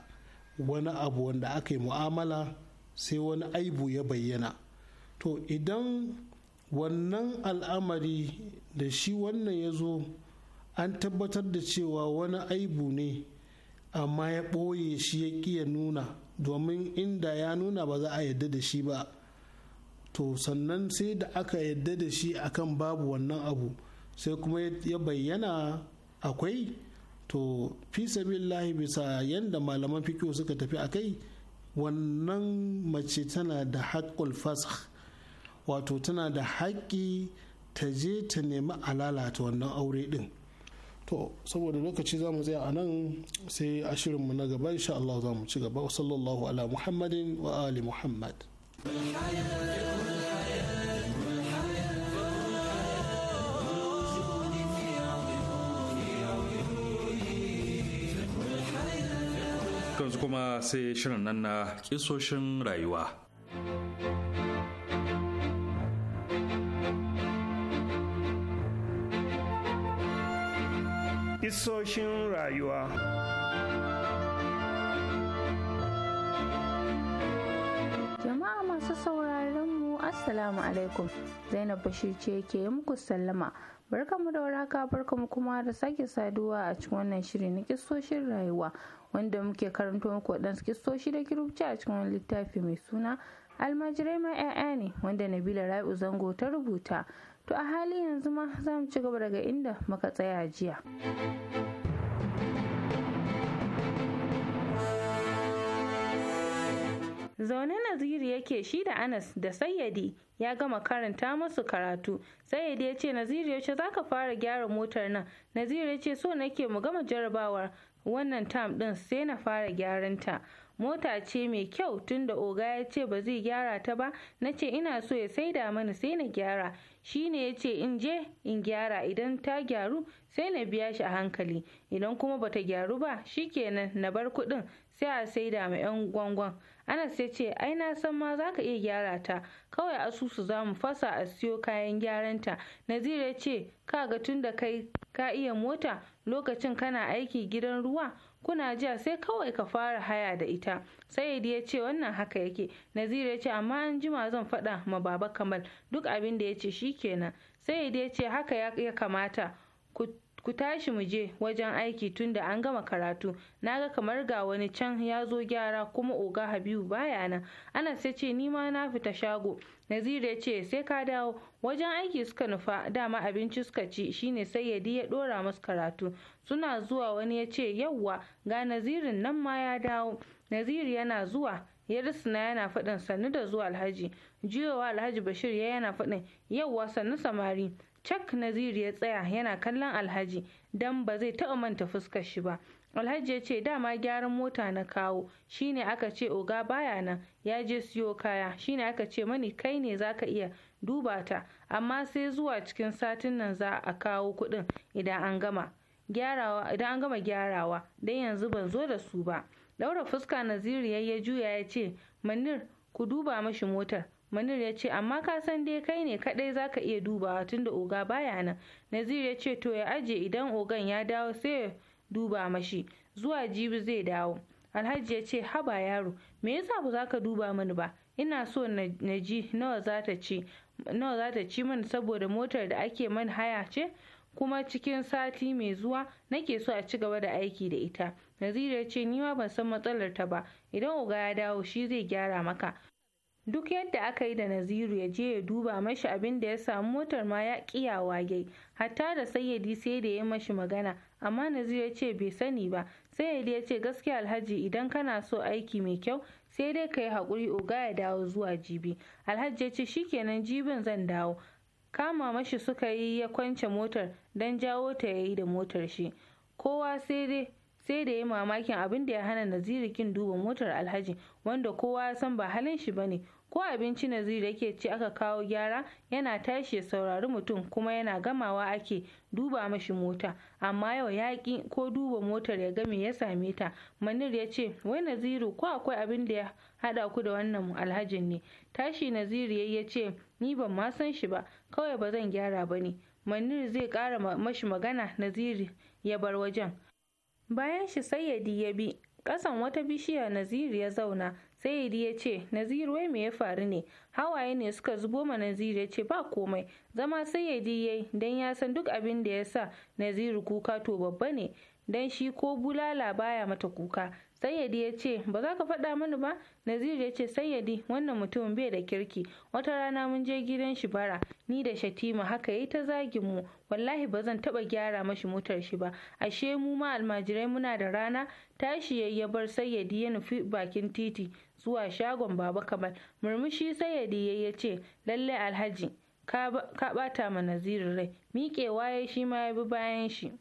F: wani abu wanda aka yi mu'amala sai wani aibu ya bayyana to idan wannan al'amari da shi wannan ya zo an tabbatar da cewa wani aibu ne amma ya ɓoye shi ya ƙi ya nuna domin inda ya nuna ba za a yadda da shi ba to sannan sai da aka yadda da shi akan babu wannan abu sai kuma ya bayyana akwai to fi sabillahi bisa yadda malaman fikiyo suka tafi a kai wannan mace tana da haƙƙul fasakh wato tana da haƙƙi ta je ta nemi alalata wannan aure ɗin to saboda lokaci za mu tsaya a nan sai a shirinmu na gaba insha Allah za mu ci gaba wa sallallahu ala muhammadin wa ali muhammad
A: yanzu kuma sai shirin nan na kisoshin rayuwa
B: kisoshin rayuwa
E: Jama'a masu sauraron mu Assalamu alaikum Zainab Bashir ce ke muku sallama barka barkamu da waraka barkamu kuma da sake saduwa a cikin wannan shiri na kisoshin rayuwa wanda muke karanto muku waɗansu kistoshi da kirubci a cikin wani littafi mai suna almajirai ma 'ya'ya ne wanda nabila rai'u zango ta rubuta to a hali yanzu ma za mu ci gaba daga inda muka tsaya jiya zaune naziri yake shi da anas da sayyadi ya gama karanta masu karatu sayyadi ya ce naziri yaushe za ka fara gyara motar nan naziri ya ce so nake mu gama jarabawar wannan tam din sai na fara gyaranta mota ce mai kyau tunda oga ya ce ba zai gyara ta ba na ce ina so ya saida mana sai na gyara shi ne ya ce in je in gyara idan ta gyaru sai na biya shi a hankali idan kuma bata gyaru ba shi shikenan na bar kuɗin sai a saida ma 'yan gwangwan anas ya ce ai na san ma za ka iya gyara ta kawai asusu za mu fasa a siyo kayan gyaran ta nazira ya ce kaga tun da kai ka iya mota lokacin kana aiki gidan ruwa kuna jiya sai kawai ka fara haya da ita sayyid ya ce wannan haka yake naziru ya ce amma an jima zan faɗa ma baba kamal duk abin da ya ce kenan sayyid ya ce haka ya kamata ku ku tashi mu je wajen aiki tunda an gama karatu Na ga kamar ga wani can ya zo gyara kuma oga habibu baya nan anas ya ce ni ma na fita shago naziru ya ce sai ka dawo wajen aiki suka nufa dama abinci suka ci shine sai yadi ya dora masu karatu suna zuwa wani ya ce yawwa! ga nazirin nan ma ya dawo naziru yana zuwa ya risina yana faɗin sannu da zuwa alhaji jiyowa alhaji bashir ya yana faɗin yawwa! sannu samari cak Nazir ya tsaya yana kallon alhaji don ba zai taɓa manta fuskar shi ba alhaji ya ce dama gyaran mota na kawo shine aka ce oga baya nan ya je siyo kaya shine aka ce mani kai ne za ka iya duba ta amma sai zuwa cikin satin nan za a kawo kuɗin idan an gama gyarawa idan an gama gyarawa dan yanzu ban zo da su ba daura fuska Nazir ya juya ya ce manir ku duba mashi motar manir ya ce amma ka san dai kai ne kadai ka iya dubawa tunda oga baya nan nazir ya ce to ya aje idan ogan ya dawo sai ya duba mashi zuwa jibi zai dawo alhaji ya ce haba yaro me yasa ba za ka duba mani ba ina so na ji nawa za ta ci nawa za ta ci mani saboda motar da ake man haya ce kuma cikin sati mai zuwa nake so a ci gaba da aiki da ita naziru ya ce ni ma ban san matsalar ta ba idan oga ya dawo shi zai gyara maka duk yadda aka yi da naziru ya je ya duba mashi abin da ya samu motar ma ya kiyawa yai hatta da sayyadi sai da ya mashi magana amma naziru ya ce bai sani ba sayyadi ya ce gaskiya alhaji idan kana so aiki mai kyau sai dai ka yi haƙuri oga ya dawo zuwa jibi alhaji ya ce shikenan jibin zan dawo kama mashi suka yi ya kwance motar don jawo ta ya yi da motar shi kowa sai dai sai da ya mamakin abin da ya hana naziru kin duba motar alhaji wanda kowa ya san ba halin shi ba ne. ko abinci naziru yake ci aka kawo gyara yana tashi ya saurari mutum kuma yana gamawa ake duba mashi mota amma yau yaƙi ko duba motar ya game ya same ta Manir ya ce wai Naziru ko akwai abin da ya haɗa ku da wannan alhajin ne tashi Naziru ya ce ni ban ma san shi ba kawai ba zan gyara ba ne Manir zai ƙara mashi magana Naziru ya bar wajen bayan shi sayyadi ya bi ƙasan wata bishiya Naziru ya zauna sayidi ya ce naziru wai me ya faru ne hawaye ne suka zubo ma naziru ya ce ba komai zama sayidi ya yi don ya san duk abin da ya sa naziru kuka to babba ne don shi ko bulala baya mata kuka sayyadi ya ce ba za ka faɗa mani ba naziru ya ce sayyadi wannan mutumin bai da kirki wata rana mun je gidan shi bara ni da shatima haka yayi ta zagin mu wallahi ba zan taɓa gyara mashi motar shi ba ashe mu ma almajirai muna da rana tashi ya bar sayyadi ya nufi bakin titi zuwa shagon baba kamal murmushi sai ya yayi ya ce lalle alhaji ka bata ma naziru rai miƙewa ya shi ma ya bi bayan shi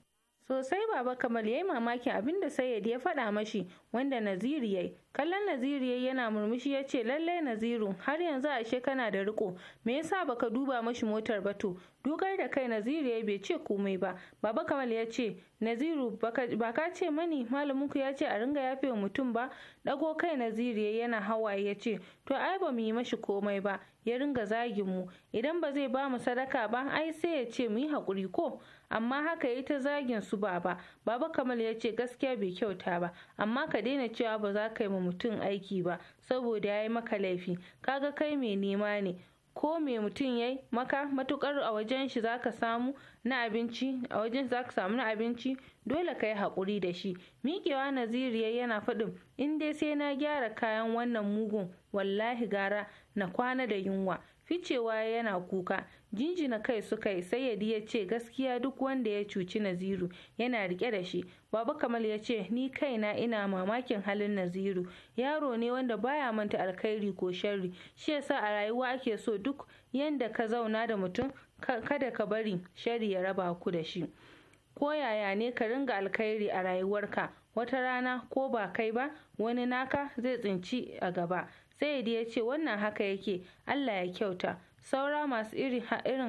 E: sosai baba kamal ya yi mamakin abin da sayyid ya faɗa mashi wanda naziri ya yi kallon naziri yana murmushi ya ce lallai naziru har yanzu ashe kana da riko me yasa baka duba mashi motar ba to dukar da kai naziru ya bai ce komai ba baba kamal ya ce naziru ba ka ce mani malaminku ya ce a ringa yafe wa mutum ba dago kai naziru ya yana hawaye ya ce to ai ba mu yi mashi komai ba ya ringa zagin mu idan ba zai ba mu sadaka ba ai sai ya ce mu yi haƙuri ko amma haka yi ta zagin su baba baba kamal ya ce gaskiya bai kyauta ba amma ka daina cewa ba za ka yi ma mutum aiki ba saboda ya yi maka laifi kaga kai mai nema ne ko mai mutum yayi maka matukar a wajen shi zaka samu na abinci a wajen zaka samu na abinci dole ka yi haƙuri da shi miƙewa naziriya yana faɗin in dai sai na gyara kayan wannan mugun wallahi gara na kwana da yunwa ficewa yana kuka jinjina kai suka yi sayyadi ya ce gaskiya duk wanda ya cuci naziru yana rike da shi baba kamal ya ce ni kaina ina mamakin halin naziru yaro ne wanda baya manta alkhairi ko sharri shi yasa a rayuwa ake so duk yanda ka zauna da mutum kada ka bari sharri ya raba ku da shi ko yaya ne ka ringa alkhairi a rayuwarka wata rana ko ba kai ba wani naka zai tsinci a gaba sai ya ce wannan haka yake allah ya kyauta saura masu irin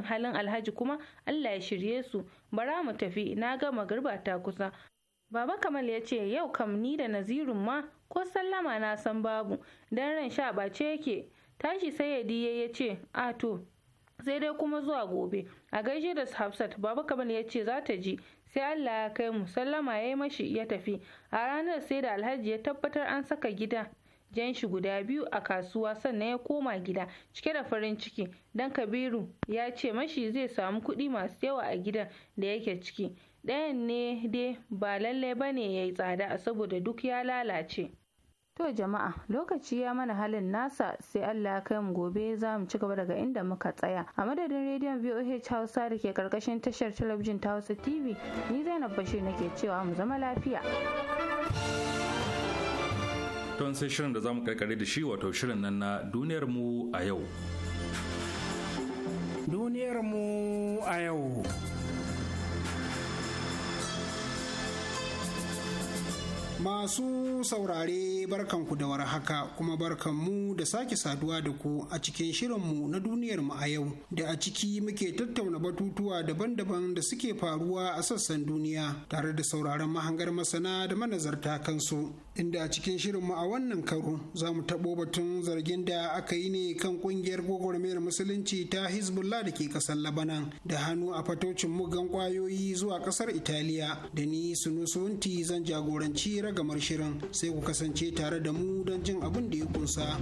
E: halin alhaji kuma allah ya shirye su bara mu tafi na gama garba ta kusa baba kamal ya ce yau kam ni da nazirun ma ko sallama na san babu dan ran sha bace yake tashi sai ya diye ya ce a to sai dai kuma zuwa gobe a gaishe da hafsat baba kamal ya ce za ta ji sai allah ya kai mu sallama ya yi mashi ya tafi a ranar sai da alhaji ya tabbatar an saka gida jan shi guda biyu a kasuwa sannan ya koma gida cike da farin ciki dan kabiru ya ce mashi zai samu kuɗi masu yawa a gidan da yake ciki ɗayan ne dai ba lallai ba ne ya yi tsada saboda duk ya lalace To jama'a lokaci ya mana halin nasa sai Allah ya kai mu gobe za mu ci gaba daga inda muka tsaya. A madadin rediyon VOH Hausa da ke karkashin tashar talabijin ta Hausa TV ni Zainab Bashir nake cewa mu zama lafiya.
A: don sai shirin da zamu karkare da shi wato shirin nan na duniyar mu a yau duniyar mu
B: a yau
D: Masu saurare barkanku da haka kuma barkanmu da sake saduwa da ku a cikin shirinmu na duniyarmu a yau da a ciki muke tattauna batutuwa daban-daban da suke faruwa a sassan duniya tare da sauraron mahangar masana da manazarta kansu. Inda a cikin shirinmu a wannan karo za mu taɓo batun zargin da aka yi ne kan ƙungiyar gwagwarmayar musulunci ta Hezbollah da ke ƙasar Labanan da hannu a fatocin mugan ƙwayoyi zuwa ƙasar Italiya da ni Sunusunti zan jagoranci gamar shirin sai ku kasance tare da mu don jin abin da ya kunsa.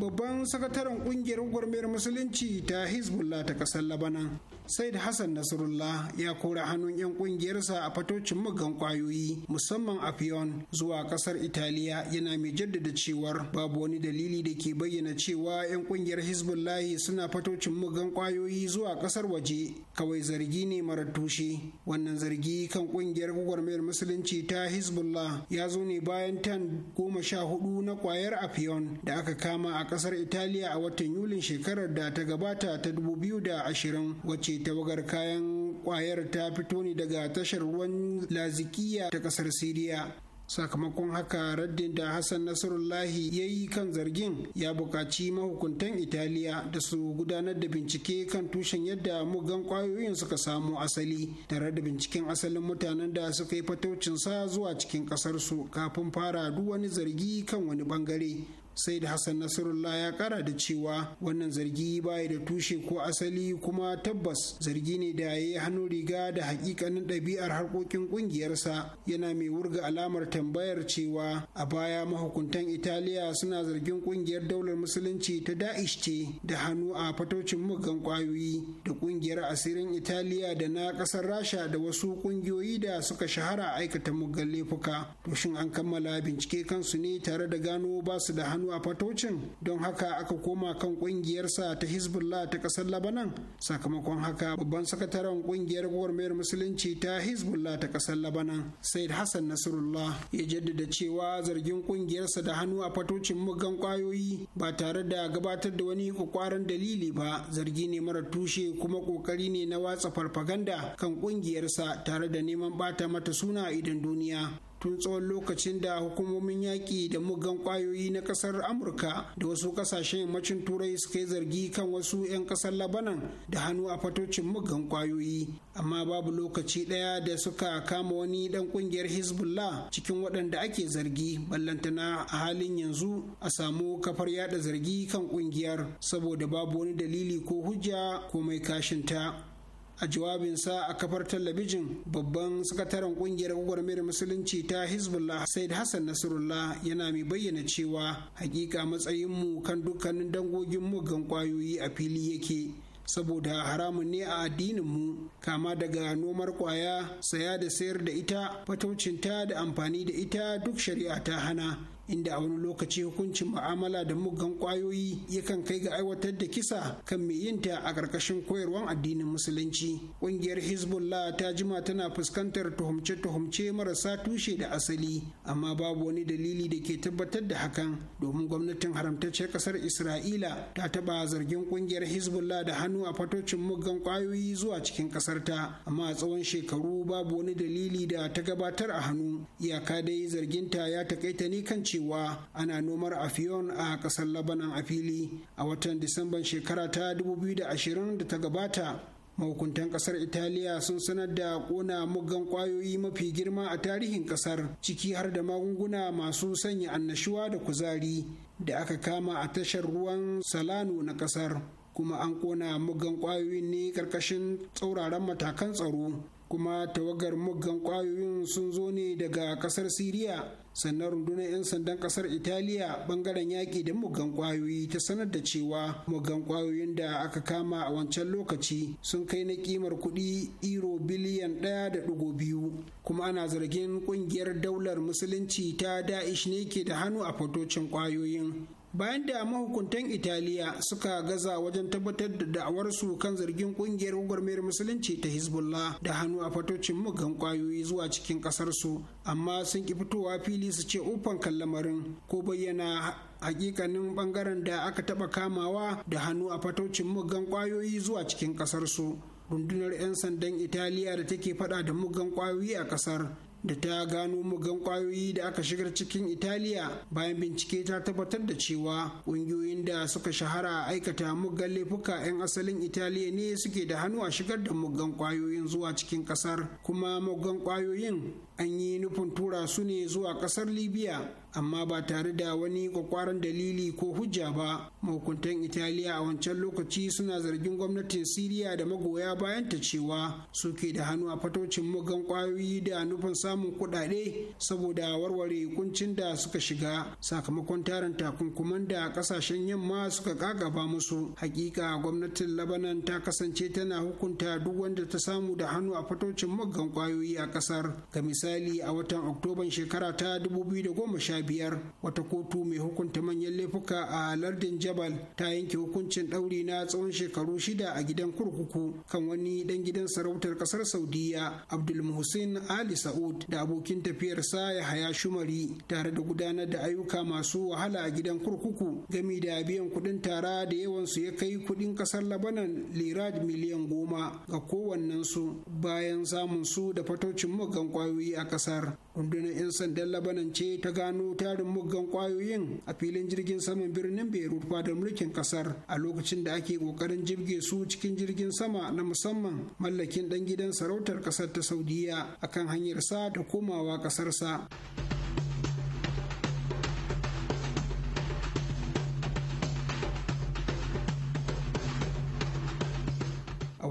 D: babban sakataren kungiyar gwamnatin musulunci ta hezbollah ta kasar labanan said hassan nasrullah ya kora hannun 'yan kungiyarsa a fatocin muggan kwayoyi musamman a fiyon zuwa kasar italiya yana mai jaddada cewar babu wani dalili da ke bayyana cewa 'yan kungiyar hezbollah suna fatocin muggan kwayoyi zuwa kasar waje kawai zargi ne mara tushe wannan zargi kan kungiyar gwagwarmayar musulunci ta hezbollah ya zo ne bayan tan goma sha hudu na kwayar afiyon da aka kama a kasar italiya a watan yulin shekarar da ta gabata ta dubu biyu da 2020 wacce tawagar kayan kwayar ta fito ne daga tashar ruwan lazikiya ta kasar siriya sakamakon haka raddin da hassan nasarullahi ya yi kan zargin ya buƙaci mahukuntan italiya da su gudanar da bincike kan tushen yadda mugan kwayoyin suka samu asali tare da binciken asalin mutanen da suka yi fatocinsa zuwa cikin ƙasarsu kafin fara duk wani zargi kan wani bangare sai da hassan nasarullah ya kara da cewa wannan zargi baya da tushe ko asali kuma tabbas zargi ne da ya hannu riga da hakikanin ɗabi'ar harkokin ƙungiyarsa yana mai wurga alamar tambayar cewa a baya mahukuntan italiya suna zargin ƙungiyar daular musulunci ta da'ish ce da hannu a fatocin muggan kwayoyi da ƙungiyar asirin italiya da na ƙasar rasha da wasu ƙungiyoyi da suka shahara aikata muggan laifuka to shin an kammala bincike kansu ne tare da gano ba su da hannu hannu a fatocin don haka aka koma kan kungiyarsa ta hezbollah ta kasar labanan sakamakon haka babban sakataren kungiyar gwamnatin musulunci ta hezbollah ta kasar labanan said hassan nasrullah ya jaddada cewa zargin kungiyarsa da hannu a fatocin mugan kwayoyi ba tare da gabatar da wani kwakwaran dalili ba zargi ne mara tushe kuma kokari ne na watsa farfaganda kan kungiyarsa tare da neman bata mata suna idan duniya tun tsawon lokacin da hukumomin yaƙi da mugan ƙwayoyi na ƙasar amurka da wasu ƙasashen yammacin turai suka yi zargi kan wasu 'yan ƙasar labanan da hannu a fatocin mugan ƙwayoyi amma babu lokaci ɗaya da suka kama wani ɗan ƙungiyar hezbollah cikin waɗanda ake zargi ballantana a halin yanzu a samu kafar yada zargi kan ƙungiyar saboda babu wani dalili ko hujja ko mai kashinta a jawabinsa a kafar talabijin babban sakataren kungiyar gwagwarmayar musulunci ta hezbollah said hassan nasrullah yana mai bayyana cewa hakika matsayinmu kan dukkanin dangogin mugan kwayoyi a fili yake saboda haramun ne a addininmu kama daga nomar kwaya saya da sayar da ita fataucinta da amfani da ita duk shari'a ta hana inda a wani lokaci hukuncin mu'amala da muggan kwayoyi yakan kai ga aiwatar da kisa kan mai yinta a ƙarƙashin koyarwar addinin musulunci ƙungiyar hezbollah ta jima tana fuskantar tuhumce-tuhumce marasa tushe da asali amma babu wani dalili da ke tabbatar da hakan domin gwamnatin haramtacciyar ƙasar isra'ila ta taɓa zargin ƙungiyar hezbollah da hannu a fatocin muggan kwayoyi zuwa cikin ƙasarta amma a tsawon shekaru babu wani dalili da ta gabatar a hannu iyaka dai zarginta ya takaita ne kan cewa ana nomar afiyon a kasar labanan a fili a watan disamban shekara ta 2020 da ta gabata mahukuntan kasar italiya sun sanar da kona muggan kwayoyi mafi girma a tarihin kasar ciki har da magunguna masu sanya annashuwa da kuzari da aka kama a tashar ruwan salano na kasar kuma an kona muggan kwayoyin ne karkashin tsauraran matakan tsaro kuma tawagar muggan kwayoyin sun zo ne daga kasar siriya sannan rundunar 'yan sandan kasar italiya bangaren yaƙi da mugan ƙwayoyi ta sanar da cewa mugan ƙwayoyin da aka kama a wancan lokaci sun kai na kimar kuɗi euro biliyan ɗaya da ɗigo biyu kuma ana zargin ƙungiyar daular musulunci ta da'ish ne ke da hannu a fatocin ƙwayoyin bayan da mahukuntan italiya suka gaza wajen tabbatar da da'awarsu kan zargin kungiyar gwagwarmayar musulunci ta hezbollah da hannu a fatocin mugan kwayoyi zuwa cikin kasarsu amma sun ki fitowa fili su ce ufan kan lamarin ko bayyana hakikanin bangaren da aka taba kamawa da hannu a fatocin mugan kwayoyi zuwa cikin kasarsu rundunar 'yan sandan italiya da take fada da mugan kwayoyi a kasar da ta gano mugan kwayoyi da aka shigar cikin italiya bayan bincike ta tabbatar da cewa ƙungiyoyin da suka shahara aikata mugan laifuka 'yan asalin italiya ne suke da hannu a shigar da mugan kwayoyin zuwa cikin ƙasar kuma mugan kwayoyin an yi nufin tura su ne zuwa kasar libya amma ba tare da wani kwakwaran dalili ko hujja ba mahukuntan italiya a wancan lokaci suna zargin gwamnatin siriya da magoya bayan ta cewa suke da hannu a fatocin mugan kwayoyi da nufin samun kudade saboda warware kuncin da suka shiga sakamakon tarin takunkuman da kasashen yamma suka kakaba musu hakika gwamnatin labanan ta kasance tana hukunta duk wanda ta samu da hannu a fatocin muggan kwayoyi a kasar ga misali a watan oktoban shekara ta 2015 wata kotu mai hukunta manyan laifuka a lardin jabal ta yanke hukuncin ɗauri na tsawon shekaru shida a gidan kurkuku kan wani ɗan gidan sarautar ƙasar Saudiyya abdul muhsin ali sa'ud da abokin tafiyarsa ya haya shumari tare da gudanar da ayyuka masu wahala a gidan kurkuku gami da biyan kuɗin tara da yawan su ya kai kuɗin ƙasar labanan lira miliyan goma ga kowannensu bayan samun su da fatocin muggan kwayoyi a kasar rundunar 'yan sandan labanan ce ta gano tarin muggan kwayoyin a filin jirgin saman birnin beirut fadar mulkin kasar a lokacin da ake kokarin jibge su cikin jirgin sama na musamman mallakin dan gidan sarautar kasar ta saudiya akan hanyar sa ta komawa ƙasarsa. sa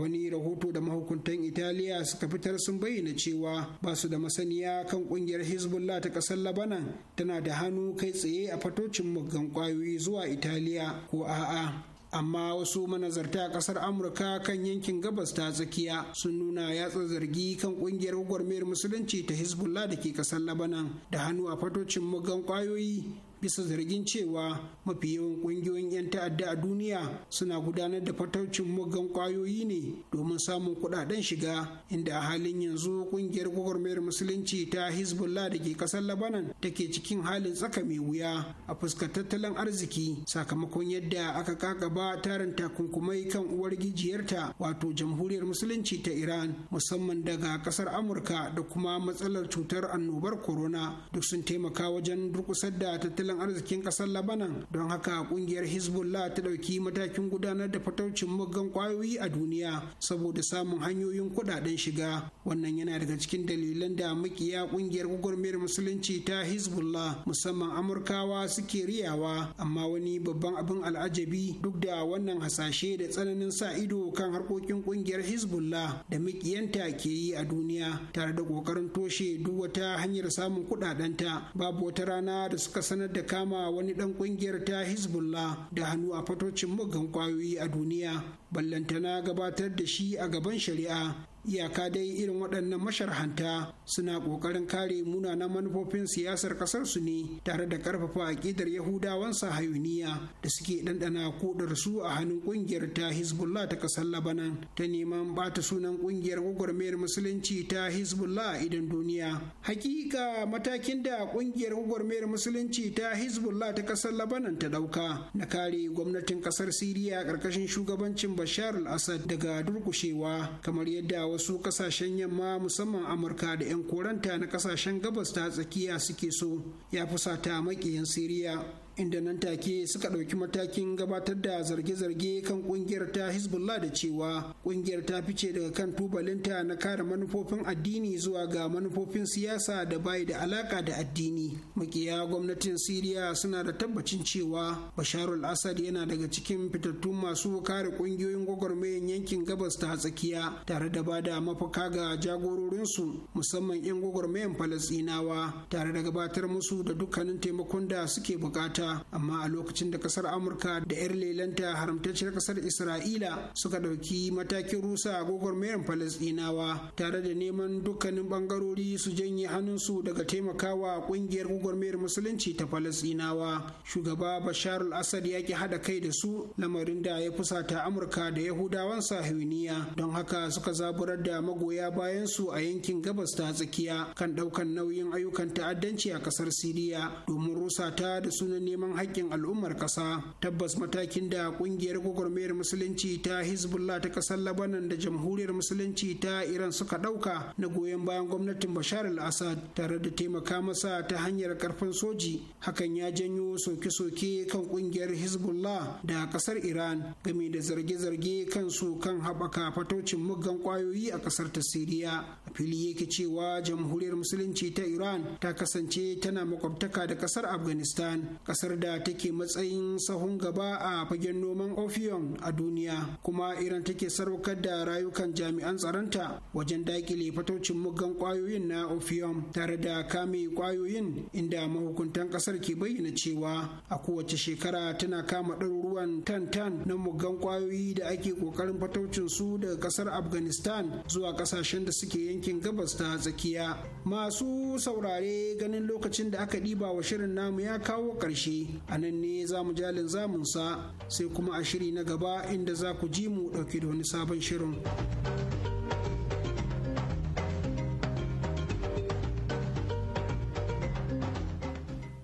D: wani rahoto da mahukuntan italiya suka fitar sun bayyana cewa ba su da masaniya kan kungiyar hezbollah ta kasar labanan tana da hannu kai tsaye a fatocin muggan kwayoyi zuwa italiya ko a'a amma wasu manazarta a kasar amurka kan yankin gabas ta tsakiya sun nuna yatsa zargi kan kungiyar gwagwarmayar musulunci ta hezbollah da ke kasar labanan da hannu a fatocin muggan kwayoyi bisa zargin cewa mafi yawan ƙungiyoyin 'yan ta'adda a duniya suna gudanar da fataucin muggan kwayoyi ne domin samun kudaden shiga inda a halin yanzu ƙungiyar gwagwarmayar musulunci ta hezbollah da ke ƙasar labanan take cikin halin tsaka mai wuya a fuskar tattalin arziki sakamakon yadda aka kakaba tarin takunkumai kan uwar gijiyarta wato jamhuriyar musulunci ta iran musamman daga ƙasar amurka da kuma matsalar cutar annobar corona duk sun taimaka wajen durkusar da tattalin tattalin arzikin kasar labanan don haka kungiyar hezbollah ta ɗauki matakin gudanar da fataucin muggan kwayoyi a duniya saboda samun hanyoyin kuɗaɗen shiga wannan yana daga cikin dalilan da makiya kungiyar gwagwarmayar musulunci ta hezbollah musamman amurkawa suke riyawa amma wani babban abin al'ajabi duk da wannan hasashe da tsananin sa ido kan harkokin kungiyar hezbollah da makiyanta ke yi a duniya tare da kokarin toshe duk wata hanyar samun kuɗaɗenta babu wata rana da suka sanar da da kama wani ɗan ƙungiyar ta hezbollah da hannu a fatocin muggan kwayoyi a duniya ballantana gabatar da shi a gaban shari'a iyaka dai irin waɗannan masharhanta suna ƙoƙarin kare munanan manufofin siyasar ƙasar su ne tare da ƙarfafa aƙidar yahudawan sahayuniya da suke ɗanɗana kudar su a hannun ƙungiyar ta hezbollah ta ƙasar labanan ta neman bata sunan ƙungiyar gwagwarmayar musulunci ta hezbollah a idan duniya hakika matakin da ƙungiyar gwagwarmayar musulunci ta hezbollah ta ƙasar labanan ta ɗauka na kare gwamnatin ƙasar siriya ƙarƙashin shugabancin bashar al-assad daga durƙushewa kamar yadda wasu kasashen yamma musamman amurka da 'yan koranta na kasashen gabas ta tsakiya suke so ya fusata makiyan siriya inda nan take suka ɗauki matakin gabatar da zarge-zarge kan ƙungiyar ta hezbollah da cewa ƙungiyar ta fice daga kan tubalinta na kare manufofin addini zuwa ga manufofin siyasa da bai da alaƙa da addini makiya gwamnatin siriya suna da tabbacin cewa bashar al-assad yana daga cikin fitattun masu kare ƙungiyoyin gwagwarmayan yankin gabas ta tsakiya tare da ba da mafaka ga jagororinsu musamman 'yan gwagwarmayan falasɗinawa tare da gabatar musu da dukkanin taimakon da suke bukata amma a lokacin da kasar amurka da 'yar lelanta haramtacciyar kasar isra'ila suka ɗauki matakin rusa a gwagwarmayar falasɗinawa tare da neman dukkanin ɓangarori su janye hannunsu daga taimakawa ƙungiyar gwagwarmayar musulunci ta falasɗinawa shugaba bashar al-assad ya ki haɗa kai da su lamarin da ya fusata amurka da yahudawan sahiniya don haka suka zaburar da magoya bayan su a yankin gabas ta tsakiya kan ɗaukan nauyin ayyukan ta'addanci a kasar siriya domin rusa ta da sunan neman haƙƙin al'ummar ƙasa tabbas matakin da ƙungiyar gwagwarmayar musulunci ta hezbollah ta ƙasar labanan da jamhuriyar musulunci ta iran suka ɗauka na goyon bayan gwamnatin bashar al-assad tare da taimaka masa ta hanyar karfin soji hakan ya janyo soke-soke kan ƙungiyar hezbollah da ƙasar iran game da zarge-zarge kansu kan haɓaka fatocin muggan ƙwayoyi a ƙasar ta siriya a fili yake cewa jamhuriyar musulunci ta iran ta kasance tana makwabtaka da ƙasar afghanistan kasar da take matsayin sahun gaba a fagen noman opium a duniya kuma iran take sarwakar da rayukan jami'an tsaronta wajen daƙile fatocin muggan kwayoyin na opium tare da kame kwayoyin inda mahukuntan kasar ke bayyana cewa a kowace shekara tana kama ɗaruruwan tan-tan na muggan kwayoyi da ake kokarin fatocin su daga kasar afghanistan zuwa kasashen da suke yankin gabas ta tsakiya masu saurare ganin lokacin da aka ɗiba wa shirin namu ya kawo ƙarshe ce a nan ne za mu jalin zamunsa sai kuma a shiri na gaba inda za ku ji mu dauke da wani sabon shirin.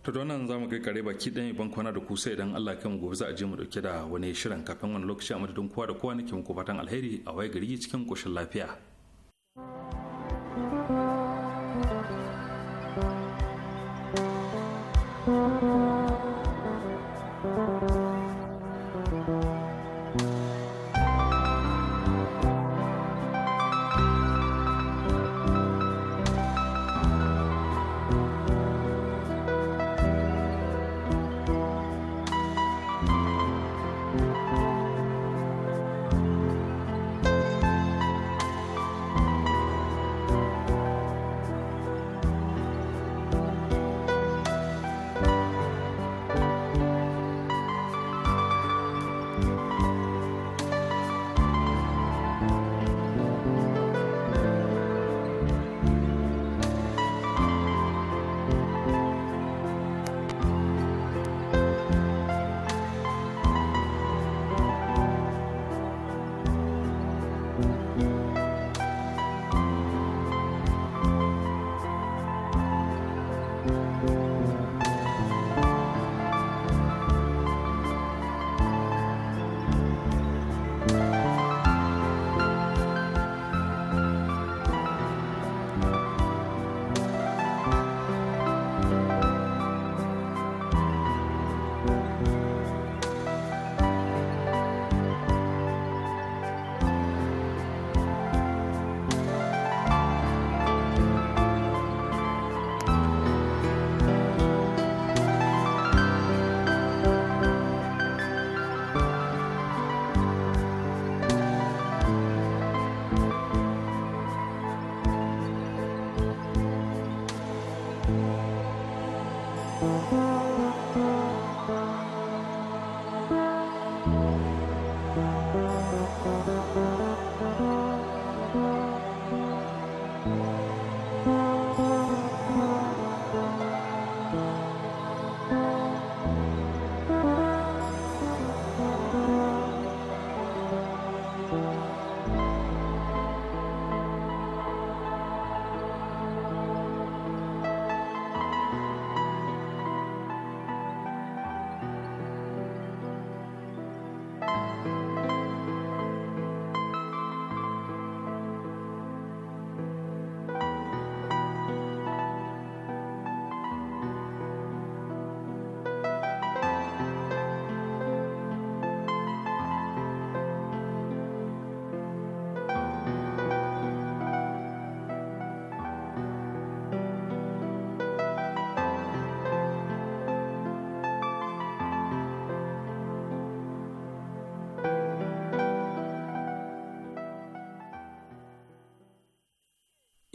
A: to da za mu kai kare baki dan iban kwana da kusa idan Allah mu gobe za a je mu dauke da wani shirin kafin wani lokaci a madadin kowa da kowa nake muku fatan alheri a waye gari cikin koshin lafiya